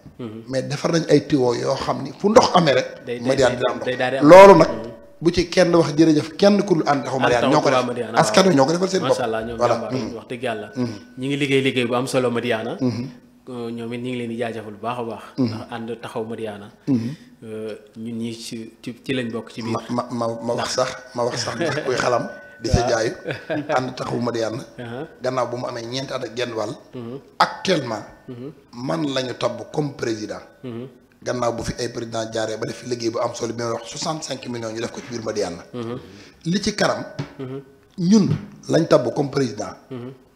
B: mais defar nañ ay tuyaux yoo xam ni fu ndox amee rek. day Madiane
E: dina am ndox loolu nag. Mhm.
B: bu ci kenn wax jërëjëf kenn ku ànd taxu Madiane ñoo ko def askan wi ñoo ko defal seen bopp. macha
D: ñoom mhm. wax dëgg yàlla. Mhm. ñi ngi liggéey liggéey bu am solo Madiana. Euh, ñoom it ñu ngi leen di jaajëfal bu baax a baax. ndax ànd taxaw Madiana. Euh, ñun ñii ci ci lañ bokk ci biir. ma ma
B: ma wax sax ma wax sax ndax kuy xalam. di sa jaay ànd taxawu ma di uh-huh. gannaaw bu mu amee ñeenti at ak genn wàll uh-huh. actuellement uh-huh. man lañu ñu tabb comme président gannaaw bu fi ay président jaaree ba def liggéey bu am solo bi may wax soixante cinq millions ñu def ko ci biir Madiyana li ci kanam ñun lañ tabb comme président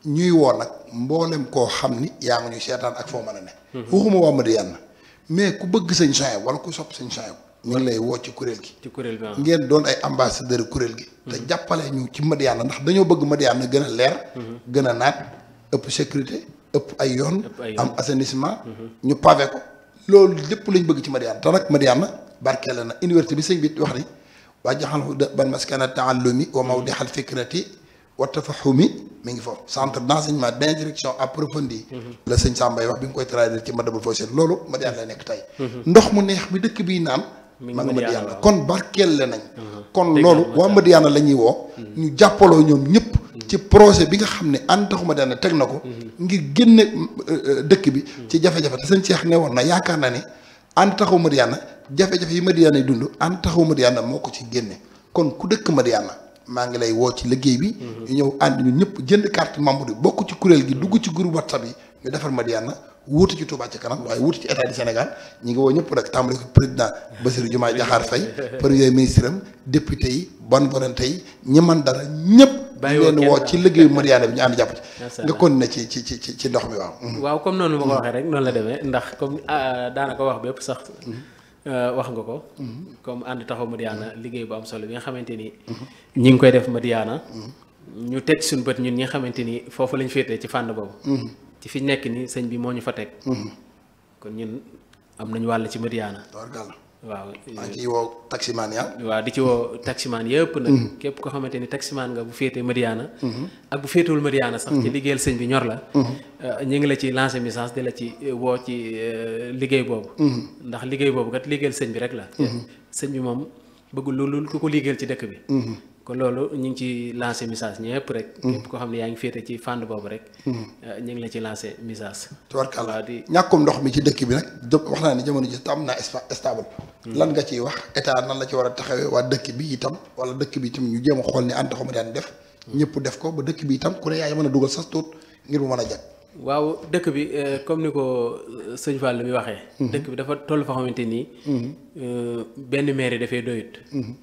B: ñuy woo nag mboolem koo xam ni yaa ngi ñuy seetaan ak foo man a ne waxuma waa Madiyana mais ku bëgg sañ soñe wala ku sopp sañ soñe ñu ngi lay woo ci kuréel gi.
D: ci kuréel gi ngeen
B: doon ay ambassadeur kuréel gi. te mhm. jàppale ñu ci Madiyana ndax dañoo bëgg Madiyana gën a leer. Mhm. gën a naat ëpp sécurité ëpp ay yoon. am assainissement. Mhm. ñu pavé ko loolu lépp lañ bëgg ci Madiyana te nag Madiyana barkeele na université bi sëñ bi wax ni waa jaxal ban maskana taallumi wa mawdixal fikrati wa tafahumi mi ngi foofu centre d' enseignement d' instruction approfondie la sëñ Sambay wax bi nga koy traduire ci Madabul Fawzayni loolu Madiyana la nekk tey. ndox mu neex ma nga Madiana kon barkeel le nañ kon loolu waa Madiana la ñuy woo mm-hmm. ñu jàppaloo ñoom ñëpp mm-hmm. ci projet bi nga xam ne ànd taxu Madiana teg na ko mm-hmm. ngir génne mm, euh, euh, dëkk bi ci jafe-jafe te sëñ Cheikh ne woon na yaakaar na ne ànd taxu Madiana jafe-jafe yi Madiana yi dund ànd taxu Madiana moo ko ci génne kon ku dëkk Madiana maa ngi lay woo ci liggéey bi ñu ñëw ànd ñu ñëpp jënd carte membre yi bokk ci kuréel gi dugg ci groupe WhatsApp yi ñu defar Madiana wuutu ci Touba ci kanam waaye wuutu ci état du Sénégal ñi ngi woo ñëpp rek tàmbali ko président Bassirou Diomaye Diakhar Faye premier ministre am député yi bonne volonté yi ñi man dara ñëpp. bàyyiwoo leen woo ci liggéeyu Madiyana bi ñu ànd jàpp ci. nga continuer ci ci ci ci ndox mi waaw. Mhm.
D: waaw comme noonu ma ko mhm. waxee rek noonu la demee ndax comme ah, daanaka wax bépp sax. Mhm. Euh, wax nga ko. comme ànd taxaw Madiyana liggéey bu am solo bi nga xamante ni. ñi ngi koy def Madiyana. ñu teg suñu bët ñun ñi xamante ni foofu lañ féetee ci fànn boobu. ci fi nekk nii sëñ bi moo ñu fa teg. Mhm. kon ñun am nañu wàll ci Madiyana.
B: waaw maa ngi ciy woo taximaan ya
D: waaw di ci woo taximaan yëpp nag mhm. képp ko xamante ni taximaan nga bu féetee Madiyana mhm. ak bu féetewul Madiyana sax ci liggéeyal sëñ bi ñor la euh, ñu ngi la ci lancé message de la ci woo ci euh, liggéey boobu ndax liggéey boobu kat liggéeyal sëñ bi rek la sëñ bi moom bëggul lu lu ku ko liggéeyal ci dëkk bi kon loolu ñu ngi ci lancé message ñëpp rek. Mm. képp koo xam ne yaa ngi féete ci fànn
B: boobu rek. Mm. Euh, ñu ngi la ci lancé message. tubarkalla di ñàkkum ndox mi ci dëkk bi nag wax naa ne jamono ji tam naa stable. Mm. lan nga ciy wax état nan la ci war a taxawee waa dëkk bi itam wala dëkk bi itam ñu jéem a xool ne Anta Xuma daan def. ñëpp def ko ba dëkk bi itam ku ne yaa mën a dugal sas tuut ngir mu man a jag.
D: waaw dëkk bi euh, comme ni ko euh, sëñ Fall mi waxee. Mm-hmm. dëkk bi dafa toll fa xamante ni. Mm-hmm. benn maire dafay doyut. Mm-hmm.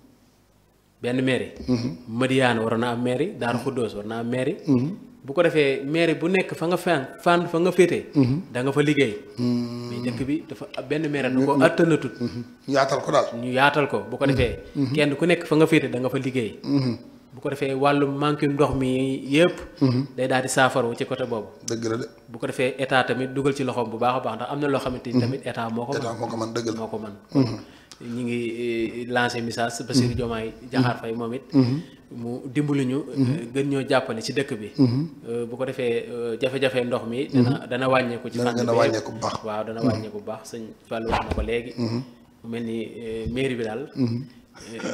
D: benn mairie. Mhm. Madiane war na am mairie Darou Khoudoss war na am mairie. Mhm. bu ko defee mairie bu nekk fa nga faan fan fa nga féetee. Mhm. da nga fa liggéey. mais bi dafa benn mairie da ko attanatut. ñu ñu yaatal ko bu ko defee. kenn ku nekk fa nga féete da nga fa liggéey. bu ko defee wàllu manque ndox mi yëpp. day daal di saafaru ci côté boobu. dëgg la de. bu ko defee état tamit dugal ci loxoom bu baax a baax ndax am na loo xamante ni tamit état moo ko. état ko mën dëgg la moo ko mën. ñu ngi eh, lancé message Bassirou mm-hmm. Diomaye Diakhar Faye moom it mm-hmm. mu dimbali ñu eh, mm-hmm. gën ñoo jàppale ci dëkk bi eh, bu ko defee jafe-jafe ndox mi dana dana wàññeeku ci fànn wàññeeku bu baax waaw dana wàññeeku bu baax sëñ Fallou wax na ni mairie bi daal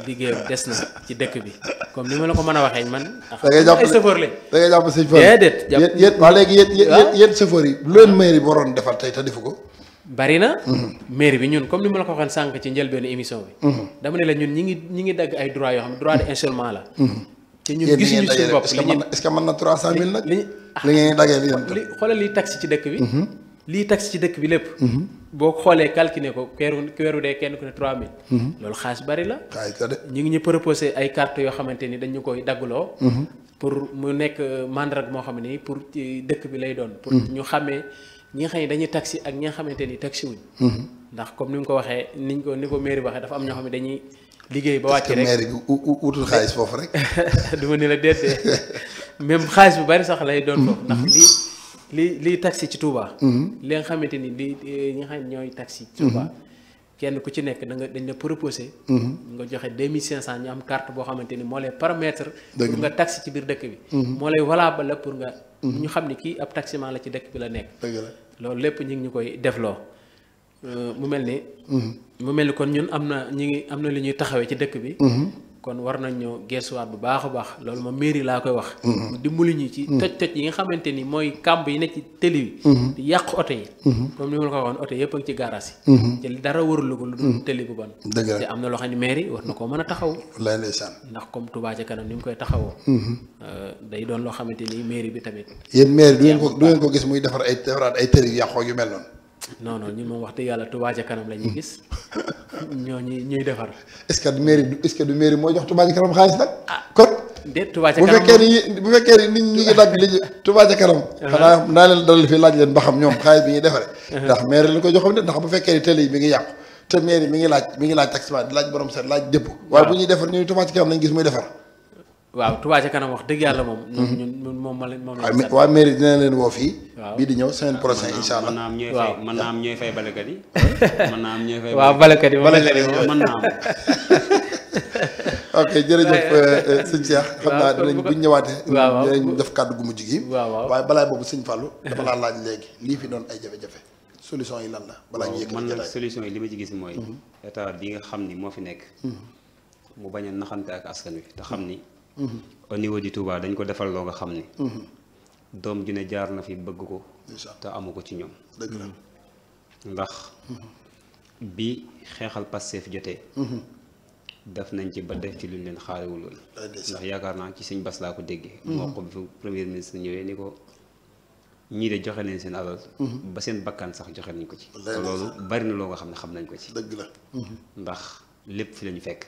D: liggéeyam des na ci dëkk bi comme ni ma la ko mën a waxee man. Ah, da ngay jàpp sëfoor lañ da ngay jàpp sëñ Fallou déedéet yéen yéen waa léegi yéen
B: yéen ah. sëfoor yi lu leen mairie bi waroon defal tey te defu ko
D: bari na. Mhm. maire bi ñun comme ni ma la ko waxoon sànq ci njëlbéenu émission bi. Mhm. dama ne la ñun ñi ngi ñi dagg ay droit yoo xam droit de installation la. Mhm. li ñu xoolal liy tax ci dëkk bi. lii tax ci dëkk bi lépp. boo xoolee calculé ko keeru keeru dee kenn ku ne 3000. loolu xaalis bari la. ñu ngi ñu proposé ay cartes yoo xamante ni dañu koy daggloo. pour mu nekk mandarga moo xam ne pour dëkk bi lay doon. pour ñu xamee. ñi nga xam ne dañuy taxi ak ñi nga xamante ni taxi wuñ mhm. ndax comme ni nga ko waxee niñ ko ni ko mairie waxee dafa am ñoo xam ne dañuy liggéey ba wàcc rek mairie bi utul xaalis foofu rek du ma ni la déet même xaalis bu bari sax lay doon foofu ndax mhm. li li liy taxi ci Touba mhm. li nga xamante ni li eh, ñi nga xam ne ñooy taxi ci kenn ku ci nekk da nga dañ la proposé nga joxe deux mille cinq cent ñu am carte boo xamante ni moo lay permettre pour nga taxi ci biir dëkk bi moo lay valable la pour nga Mm-hmm. ñu xam ni kii ab taximan la ci dëkk bi la nekk. loolu lépp ñu ngi ñu koy def loo euh, mu mel ni. Mm-hmm. mu mel ni kon ñun am na ñu ngi am na lu ñuy taxawee ci dëkk bi. Mm-hmm. kon war nañoo gestuwaat bu baax a baax loolu ma mairie laa koy wax. Mhm. mu dimbali ñu ci. Mhm. toj toj yi nga xamante ni mooy kàmb yi nekk ci tëli bi. Mhm. di yàq oto yi. comme ni ma la ko waxoon yëpp ak ci garage dara warul ko lu dul tëli bu bon. dëgg am na loo xam ne mairie war na koo mën a taxaw. wallaahi ndeysaan ndax comme Touba ca kanam ni mu koy taxawoo. Euh, day doon loo xamante ni mairie bi tamit. yéen mairie du ngeen ko
B: du ngeen gis muy defar ay defaraat ay tëli yu yàqoo yu mel noonu. non non ñun moom wax te yàlla Touba ca kanam la ñuy gis ñoo ñuy defar. est ce que du mairie est ce que du mairie moo jox Touba ca kanam xaalis nag. ah kon. déet Touba ca kanam bu fekkee ni bu fekkee ni nit ñi ngi dàgg li kanam. Uh-huh. xanaa naa leen dalal fii laaj leen ba ñoom xaalis bi ñuy defaree. Uh-huh. ndax mairie lañ ko joxoon de ndax bu fekkee ni télé yi mi ngi yàqu te mairie mi ngi laaj mi ngi laaj taximan di laaj borom seet laaj dëpp. waaye bu ñuy defar ñooy Touba ca kanam lañ gis muy defar.
D: waaw tubaa ca kanam wax dëgg yàlla moom. Mhm. ñun moom ma moom la ñu. waa mairie
B: dina leen woo fii. bii di ñëw semaine prochaine incha allah.
C: waaw mën naa am ñooy fay balekat yi. mën naa am ñooy fay waaw balekat yi mën naa am. ok
E: jërëjëf euh, euh, sëñ Cheikh
B: xam naa dinañ bu ñu ñëwaatee. waaw def kàddu gu mujj gi. waaw waaye balaa boobu sëñ Fallou. dafa laa laaj léegi lii fi doon ay jafe-jafe. solution yi lan la balaa ñuy yëkkati man nag
C: solution yi li ma ci gis mooy. Mhm. état bi nga xam ni moo fi nekk. Mhm. mu bañ a naxante ak askan wi te xam ni Mm-hmm. au niveau du Touba dañ ko defal loo nga xam ni. Mm-hmm. doom ju ne jaar na fi bëgg ko. te amu ko ci ñoom. dëgg la ndax. Mm-hmm. bi xeexal Pastef jotee. def nañ ci ba def ci luñ leen xaarewul woon ndax yaakaar naa ci sëñ Bas laa ko déggee. moo ko bi premier ministre ñëwee ni ko ñii de joxe nañ seen alal. ba seen bakkan sax joxe nañ ko ci. loolu bari na loo nga xam ne xam nañ ko ci. dëgg la ndax lépp fi lañu fekk.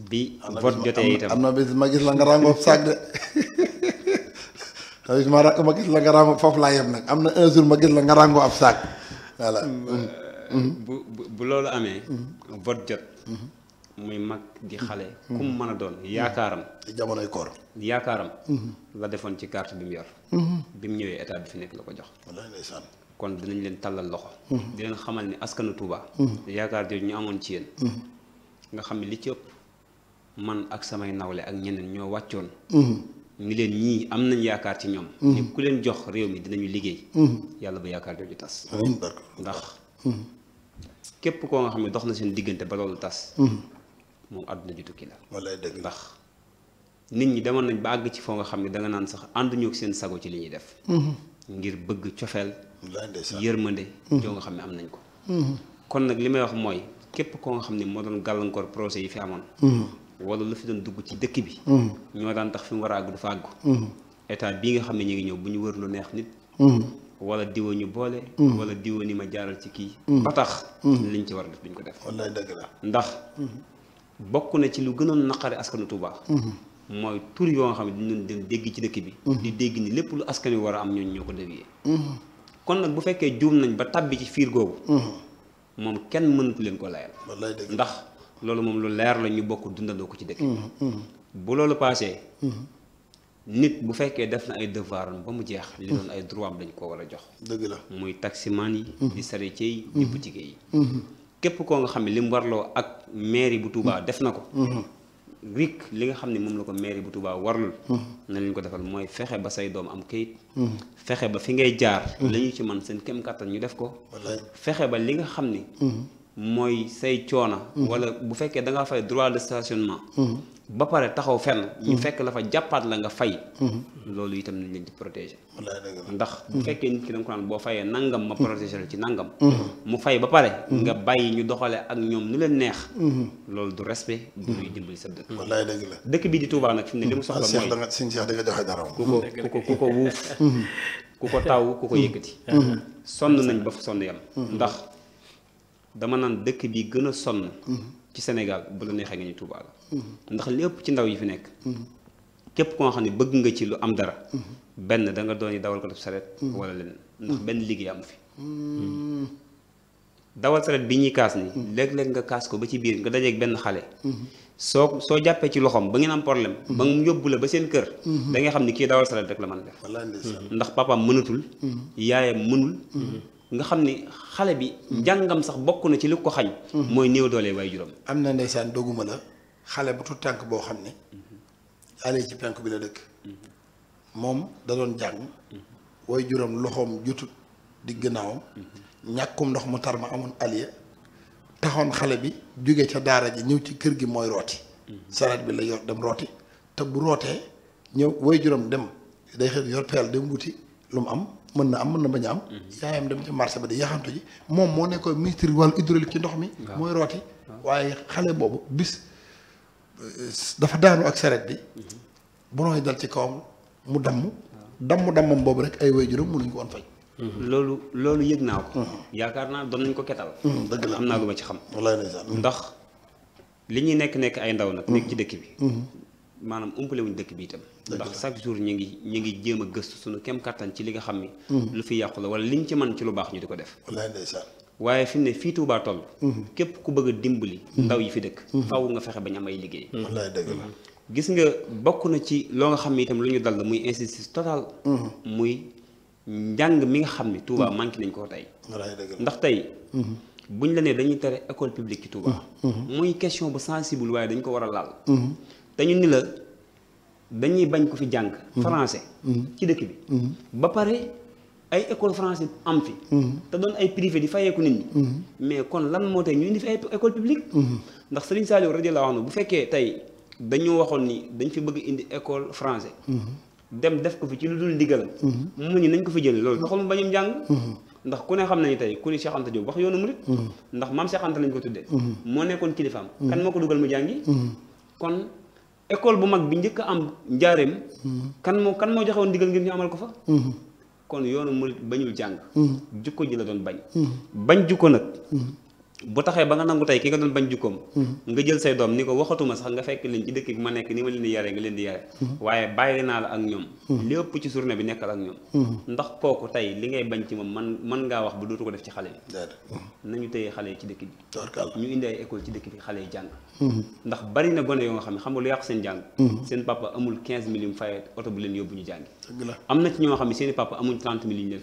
C: bi vote jotee itam am na bis
B: ma gis la nga ràngoo saag de am ma ra la nga ràngoo foofu laa yem nag am na un ma gis la nga ràngoo ab saag voilà.
C: Mm, mm-hmm. euh, bu bu loolu amee. Mm-hmm. vote jot. Mm-hmm. muy mag di xale. ku mën a doon yaakaaram. jamonoy koor. yaakaaram. la defoon ci carte bi mu yor. bi mu ñëwee état bi fi nekk la ko jox. kon dinañ leen tàllal loxo. di leen xamal ni askanu Touba. yaakaar jooju ñu amoon ci yéen. nga xam ne li ci man ak samay nawle ak ñeneen ñoo wàccoon ñu mhm. leen ñii am nañ yaakaar ci ñoom mhm. ni ku leen jox réew mi dinañu liggéey mhm. yàlla ba yaakaar jooju tas ndax képp koo nga xam ne dox na seen diggante ba loolu tas moom àdduna ju tukki la wallaay dëgg ndax nit ñi demoon nañ ba àgg ci foo nga xam ne danga naan sax ànduñu ak seen sago ci li ñuy def ngir bëgg cofeel yërmande joo nga xam ne am nañ ko kon nag li may wax mooy képp koo nga xam ne moo doon gàllankoor projet yi fi wala lu fi doon dugg ci dëkk bi. Hmm. ñoo daan tax fi mu war a àgg du fa àgg. Hmm. état bii nga xam ne ñu ngi ñëw bu ñu wër lu neex nit. Hmm. wala diwoo ñu boole. wala diwa ni ma jaaral ci kii. ba tax. liñ ci war a def duñ ko def. wallaay dëgg la ndax. bokk na ci lu gënoon naqari askanu Touba. mooy tur yoo xam ne dañu doon dégg ci dëkk bi. di dégg ni lépp lu askan wi war a am ñooñu ñoo ko déggee. kon nag bu fekkee juum nañ ba tabbi ci fiir googu. moom kenn mënatu leen ko layal. ndax. loolu moom lu leer la ñu bokk dundandoo ko ci dëkk mm-hmm, mm-hmm. bu loolu paase mm-hmm. nit bu fekkee def na ay devoir ba mu jeex li doon ay droit am dañ ko war a jox dëgg la muy taximaan yi di charretier yi di boutique yi képp koo nga xam ne li mu warloo ak mairie bu Touba def na ko rik li nga xam ne moom la ko mairie bu Touba warlul na leen ko defal mooy fexe ba say doom am kayit fexe ba fi ngay jaar lañu ci man seen kem kàttan ñu def ko fexe ba li nga xam ni mooy say coona mhm. wala bu fekkee da ngaa fay droit de stationnement. Mhm. ba pare taxaw fenn. Mhm. ñu fekk la fa jàppaat la nga fay. loolu itam nañ leen di protéger. ndax bu fekkee nit ki da ko naan boo fayee nangam ma protéger ci nangam. mu fay ba pare. nga bàyyi ñu doxale ak ñoom nu leen neex. loolu du respect. du luy dimbali sa dëkk. wallaay dëkk bi di Touba nag fi mu ne li mu soxla mooy. da nga sëñ Cheikh da nga joxe dara. ku ko ku ko ku ko wuuf ku ko taw ku ko yëkkati. sonn nañ ba fa sonn yam ndax. dama naan dëkk bi gën a sonn. ci Sénégal bu la neexee nga ni Touba la. ndax lépp ci ndaw yi fi nekk. képp koo xam ne bëgg nga ci lu am dara. benn da nga doon dawal ko def saret wala leneen ndax benn liggéeyam am fi. dawal saret bi ñuy kaas ni léeg-léeg nga kaas ko ba ci biir nga dajeeg benn xale. soo soo jàppee ci loxoom ba ngeen am problème. ba mu yóbbu la ba seen kër. da nga xam ni kii dawal saret rek la man a def. ndax papaam mënatul. Mm-hmm. yaayam mënul. Mm-hmm. nga xam ni xale bi. njàngam sax bokk na ci li ko xañ. Mm-hmm. mooy néew doole waay juróom. am na ndeysaan doguma la xale bu tut tànk boo xam ni. Mm-hmm. ale ci penk bi la dëkk. Mm-hmm. moom da doon jàng.
B: waay juróom loxoom jutut di gannaawam. ñàkkum ndox mu tar ma amoon aliya taxoon xale bi jóge ca daara ji ñëw ci kër gi mooy rooti. saret bi la yor dem rooti te bu rootee ñëw woy juróom dem day xëy yor peel dem wuti lu mu am. mën na am mën na bañ a am. Mhm. yaayam dem ci marché ba di yaxantu ji moom moo nekkoon ministre wàllu hydraulique ci ndox mi. mooy rooti. waaye xale boobu bis dafa daanu ak saret bi. Mhm. bu dal ci kawam mu damm. damm dammam boobu rek ay waajuram mënuñ ko woon fay. Mhm. loolu loolu yëg naa ko.
C: yaakaar naa doon nañ ko ketal. dëgg la am naa lu ma ci xam. ndax li ñuy nekk nekk ay ndaw nag. nekk ci dëkk bi. maanaam umpale wuñ dëkk bi itam ndax chaque jour ñu ngi ñu ngi jéem a gëstu suñu kem kattan ci li nga xam ni mhm. lu fi yàqu la wala liñ ci man ci lu baax ñu di ko def waaye fi mu ne fii Touba toll mhm. képp ku bëgg a dimbali mhm. ndaw yi fi dëkk faw nga fexe bañ am ay liggéey wallaay dëgg la gis nga bokk na ci loo nga xam ne tam lu ñu dal muy injustice totale muy njàng mi nga xam ne Touba manqué nañ ko tey ndax tey buñ la nee dañuy tere école publique ci Touba muy question bu dañ ko war a laal dañu ni la dañuy bañ ko fi jàng. Mm-hmm. français. Mm-hmm. ci dëkk bi. Mm-hmm. ba pare ay école français am fi. te doon ay privé di fayeeku nit mais kon lan moo tey ñu indi fi ay école publique. ndax Serigne la radiyallahu anhu bu fekkee tey dañu waxoon ni dañ fi bëgg indi école français. dem def ko fi ci lu dul ndigalam. mu ñu nañ ko fi jëlee loolu taxul mu bañum jàng. ndax ku ne xam nañu tey ku ni Cheikh Anta wax yoonu murit ndax maam Cheikh Anta lañ ko tuddee. moo nekkoon kilifaam. kan moo ko dugal mu jàngi. école bu mag bi njëkk a am njaareem. kan moo kan moo joxewoon ndigal ngir ñu amal ko fa. Mm-hmm. kon yoonu murit bañul jàng. Mm-hmm. jukko ji la doon bañ. Mm-hmm. bañ jukko nag. bu taxee ba nga nangu tey ki nga doon bañ jukkoom mm-hmm. nga jël say doom ni ko waxatuma sax nga fekk leen ci dëkk bi ma nekk ni ma leen di yare nga leen di yare mm-hmm. waaye bàyyi naa la ak ñoom mm-hmm. lépp ci journée bi nekkal ak ñoom ndax kooku tey li ngay bañ ci moom man man ngaa wax bu dootu ko def ci xale yi nañu téye xale yi ci dëkk bi ñu indi ay école ci dëkk bi xale yi jàng ndax bari na gone yoo nga xam ne xam nga lu yàqu seen jàng seen papa amul 15 mille yu mu faye oto bu leen yóbbu ñu jàngi am na ci ñoo xam ne seen papa amuñ 30 mille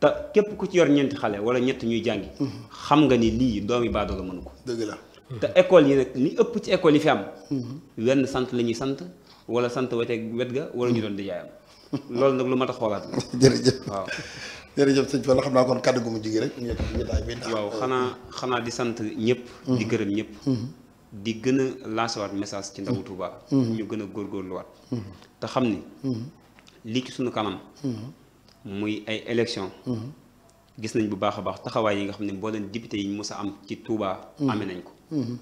C: te képp ku ci yor ñeenti xale wala ñett ñuy jàngi. Mm-hmm. xam nga ni lii doomi baadoola mënu ko. dëgg la mm-hmm. te école yi nag li ëpp ci école yi fi am. Mm-hmm. wenn sant la ñuy sant wala sant weteeg wet ga wala ñu doon di jaayam. loolu nag lu mat a xoolaat la. jërëjëf waaw. jërëjëf sëñ Fall xam naa kon kàddu gu mu jigi rek ñu jotaay xanaa xanaa di sant ñëpp di gërëm ñëpp di gën a lancer waat message ci ndawu Touba ñu gën a góorgóorluwaat te xam ni lii ci sunu kanam muy ay élection gis nañ bu baax a baax taxawaay yi nga xam ne mbooleen député yi mos a am ci Touba. Mm-hmm. amee nañ ko mm-hmm.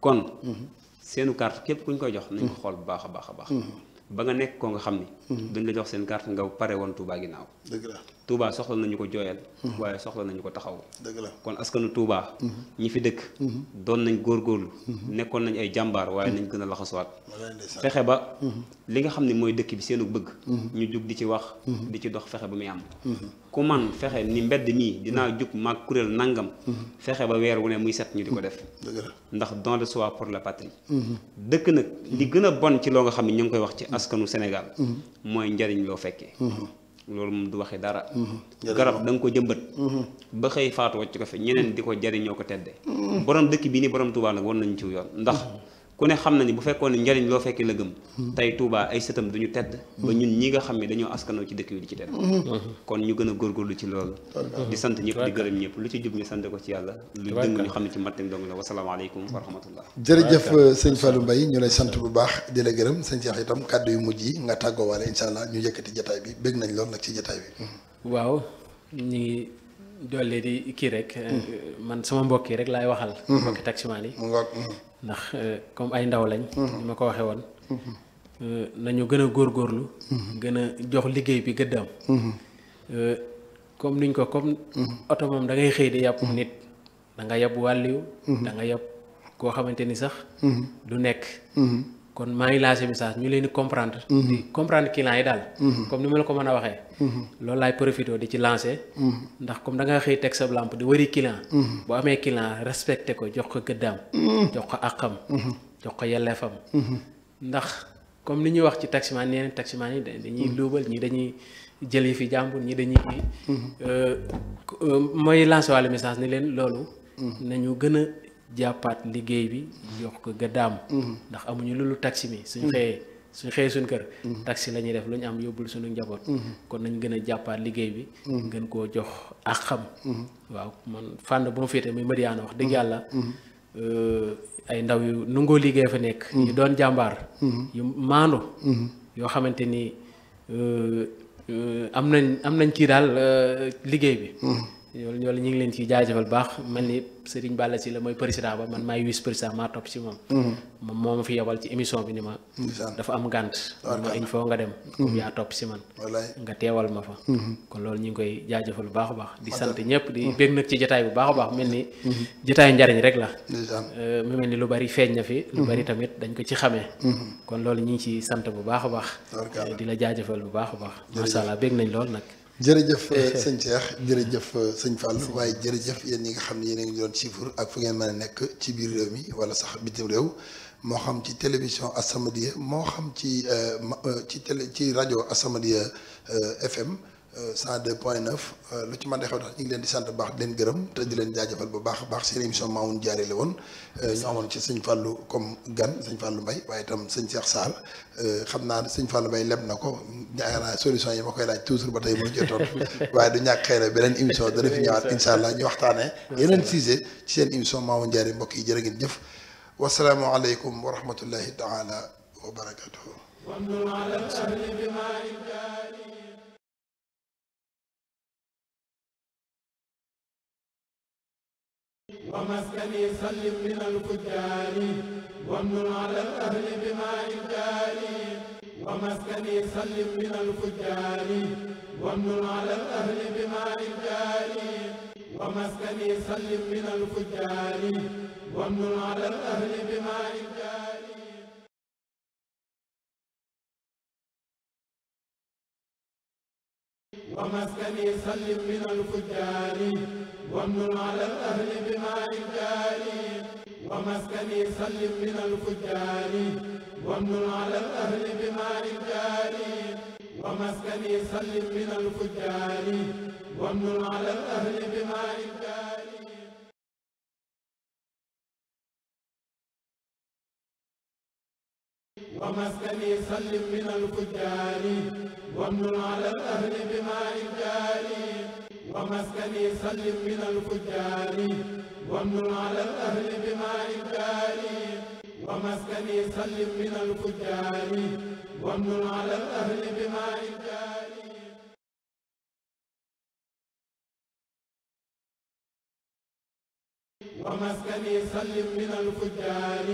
C: kon mm-hmm. seenu carte képp ku ñu koy jox nañ xool bu baax a baax a baax ba nga nekk ko nga xam ni duñ la jox seen carte nga pare woon Touba ginnaaw. dëgg la Touba soxla nañu ko jooyal. waaye soxla nañu ko taxaw. dëgg la kon askanu Touba. ñi fi dëkk. doon nañ góorgóorlu. nekkoon nañ ay jàmbaar waaye nañ gën a laxasuwaat. fexe ba. li nga xam ne mooy dëkk bi seenu bëgg. ñu jug di ci wax. di ci dox fexe ba muy am. ku man fexe ni mbedd mii dinaa jug maag kuréel nangam. fexe ba weer wu ne muy set ñu di ko def. ndax don de pour la patrie. dëkk nag li gën a bon ci loo nga xam ne koy wax ci askanu Sénégal. mooy njariñ loo fekkee mm-hmm. loolu moom du waxi dara mm-hmm. garab danga ko jëmbat mm-hmm. ba xëy faatu wàcc ko fi ñeneen di ko jariñoo ko tedde borom dëkk bi ni borom Tuubaa nag war nañ ci yoon ndax ku ne xam na ni bu fekkoon ne njariñ loo fekkee la gëm hmm. tey Touba ay sëtam duñu tedd ba ñun ñi nga xam ne dañoo askanoo ci dëkk bi di ci tedd hmm. kon ñu gën a góorgóorlu ci loolu di sant ñëpp di gërëm ñëpp lu ci jub ñu sant ko ci yàlla lu dëng ñu xam ne ci mattem dong la wasalaamaaleykum wa rahmatullah jërëjëf
B: sëñ Fallou Mbaye ñu lay sant bu baax di la gërëm sëñ Cheikh tam kàddu yu mujj yi nga tàggoo waale incha allah ñu yëkkati jataay bi bég nañ lool nag ci jataay bi
E: hmm.
D: dolli di kii rek. Mm. Eh, man sama mbokk yi rek laay waxal. Mm-hmm. mbokki taximaan yi. Mm-hmm. ndax eh, comme ay ndaw lañ. Mm-hmm. ni ma ko waxee woon. Eh, nañu gën a góor góorgóorlu. gën a jox liggéey bi gëddam. comme niñ ko comme. oto moom da ngay xëy di yàpp nit. da yàpp wàlliw. da yàpp koo xamante ni sax. du nekk. kon maa ngi lancé message ñu leen di comprendre. Mhm. di comprendre client yi daal. Mhm. comme ni ma la ko mën a waxee. Mhm. loolu laay profité di ci lancé. ndax comme da nga xëy teg sa lampe di wëri client. boo amee client respecté ko jox ko gëddaam. jox ko àqam. jox ko yelleefam. ndax comme ni ñuy wax ci taximaan nee na taximaan yi dañuy luubal ñi dañuy. jël yi fi jàmbur ñi dañuy euh, euh, mooy lancé message ni leen loolu nañu gën jàppaat liggéey bi jox ko gëddaam mhm. ndax amuñu lu lu taxi mi suñ mhm. xëyee suñ xëyee suñ kër mhm. taxi la ñuy def lu ñu am yóbbul suñu njaboot kon nañ gën a jàppaat liggéey bi gën koo jox ak xam waaw man fànn bu ma féete muy Madiyana wax dëgg yàlla euh, ay ndaw yu nungoo liggéey fa nekk yu doon jàmbaar yu maandu yoo xamante ni euh, euh, am nañ am nañ ci daal liggéey bi yoolu ñoolu ñu ngi leen ciy jaajëfal baax mel ni Serigne Balla si la mooy président ba man maay vice président maa topp si moom mm-hmm. moom moo ma fi yebal ci émission bi ni ma dafa am gànt ma iñ foo nga dem comme mm-hmm. yaa topp si man nga teewal ma fa mm-hmm. kon loolu ñu ngi koy jaajëfal bu baax a baax di sant ñëpp di bég nag bu baax baax mel ni jataayu njariñ rek la euh, mu mel ni lu bari feeñ na fi lu bari tamit dañ ko ci xamee kon loolu ñu ngi ci sant bu baax a baax euh, di la jaajëfal bu baax a baax macha allah bég nañ lool nag
B: jërëjëf sëñ Cheikh jërëjëf sëñ Fall waaye jërëjëf yéen ñi nga xam ne yéen a ngi doon suivre ak fu ngeen mën a nekk ci biir réew mi wala sax bitim réew moo xam ci télévision As-Samadiyya moo xam ci euh, euh, ci télé ci rajo As-Samadiyya euh, FM. 102 point 9 euh, lu ci mën a xew tax ñu ngi leen di sant bu baax di leen gërëm te di leen jaajëfal bu baax baax seen émission Mamoun Diarra la woon euh, ñu amoon ci sëñ Fallou comme gan sëñ Fallou Mbaye waaye itam sëñ Cheikh Sarr euh, xam naa ne sëñ Fallou Mbaye leb na ko yaakaar naa solution yi ma koy laaj toujours ba tey mu jotoon waaye du ñàkk xëy na beneen émission dana fi ñëwaat incha allah ñu waxtaanee yeneen sujet ci seen émission Mamoun Diarra mbokk yi jërë ngeen jëf wasalaamualeykum wa rahmatullahi
F: taala wa barakatuhu ومسكني سلم من الفجار وامن على الأهل
A: بماء الجاري ومسكني سلم من الفجار وامن على الأهل بماء الجاري ومسكني سلم
F: من الفجار وامن على الأهل بماء الجاري ومسكني سلم من الفجار وامن على الأهل
A: بماء جاري ومسكني سلم من الفجار وامن على الأهل بماء جاري ومسكني سلم
F: من الفجار وامن على الأهل بماء جاري ومسكني سلم من الفجار وامن على
A: الأهل بماء جاري ومسكني سلم من الفجار وامن على الأهل بما إبدالي ومسكني
F: سلم من الفجار وامن على الأهل بما إبدالي ومسكني سلم من الفجار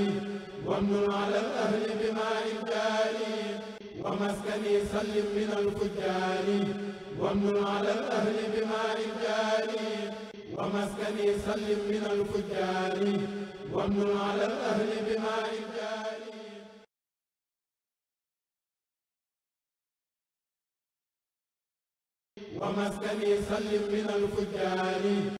F: وامن على
A: الأهل بما إبدالي ومسكني سلم من الفجار وامن على الأهل بماء جاري ومسكني
F: سلم من الفجار وامن على الأهل بماء جاري ومسكني سلم من الفجار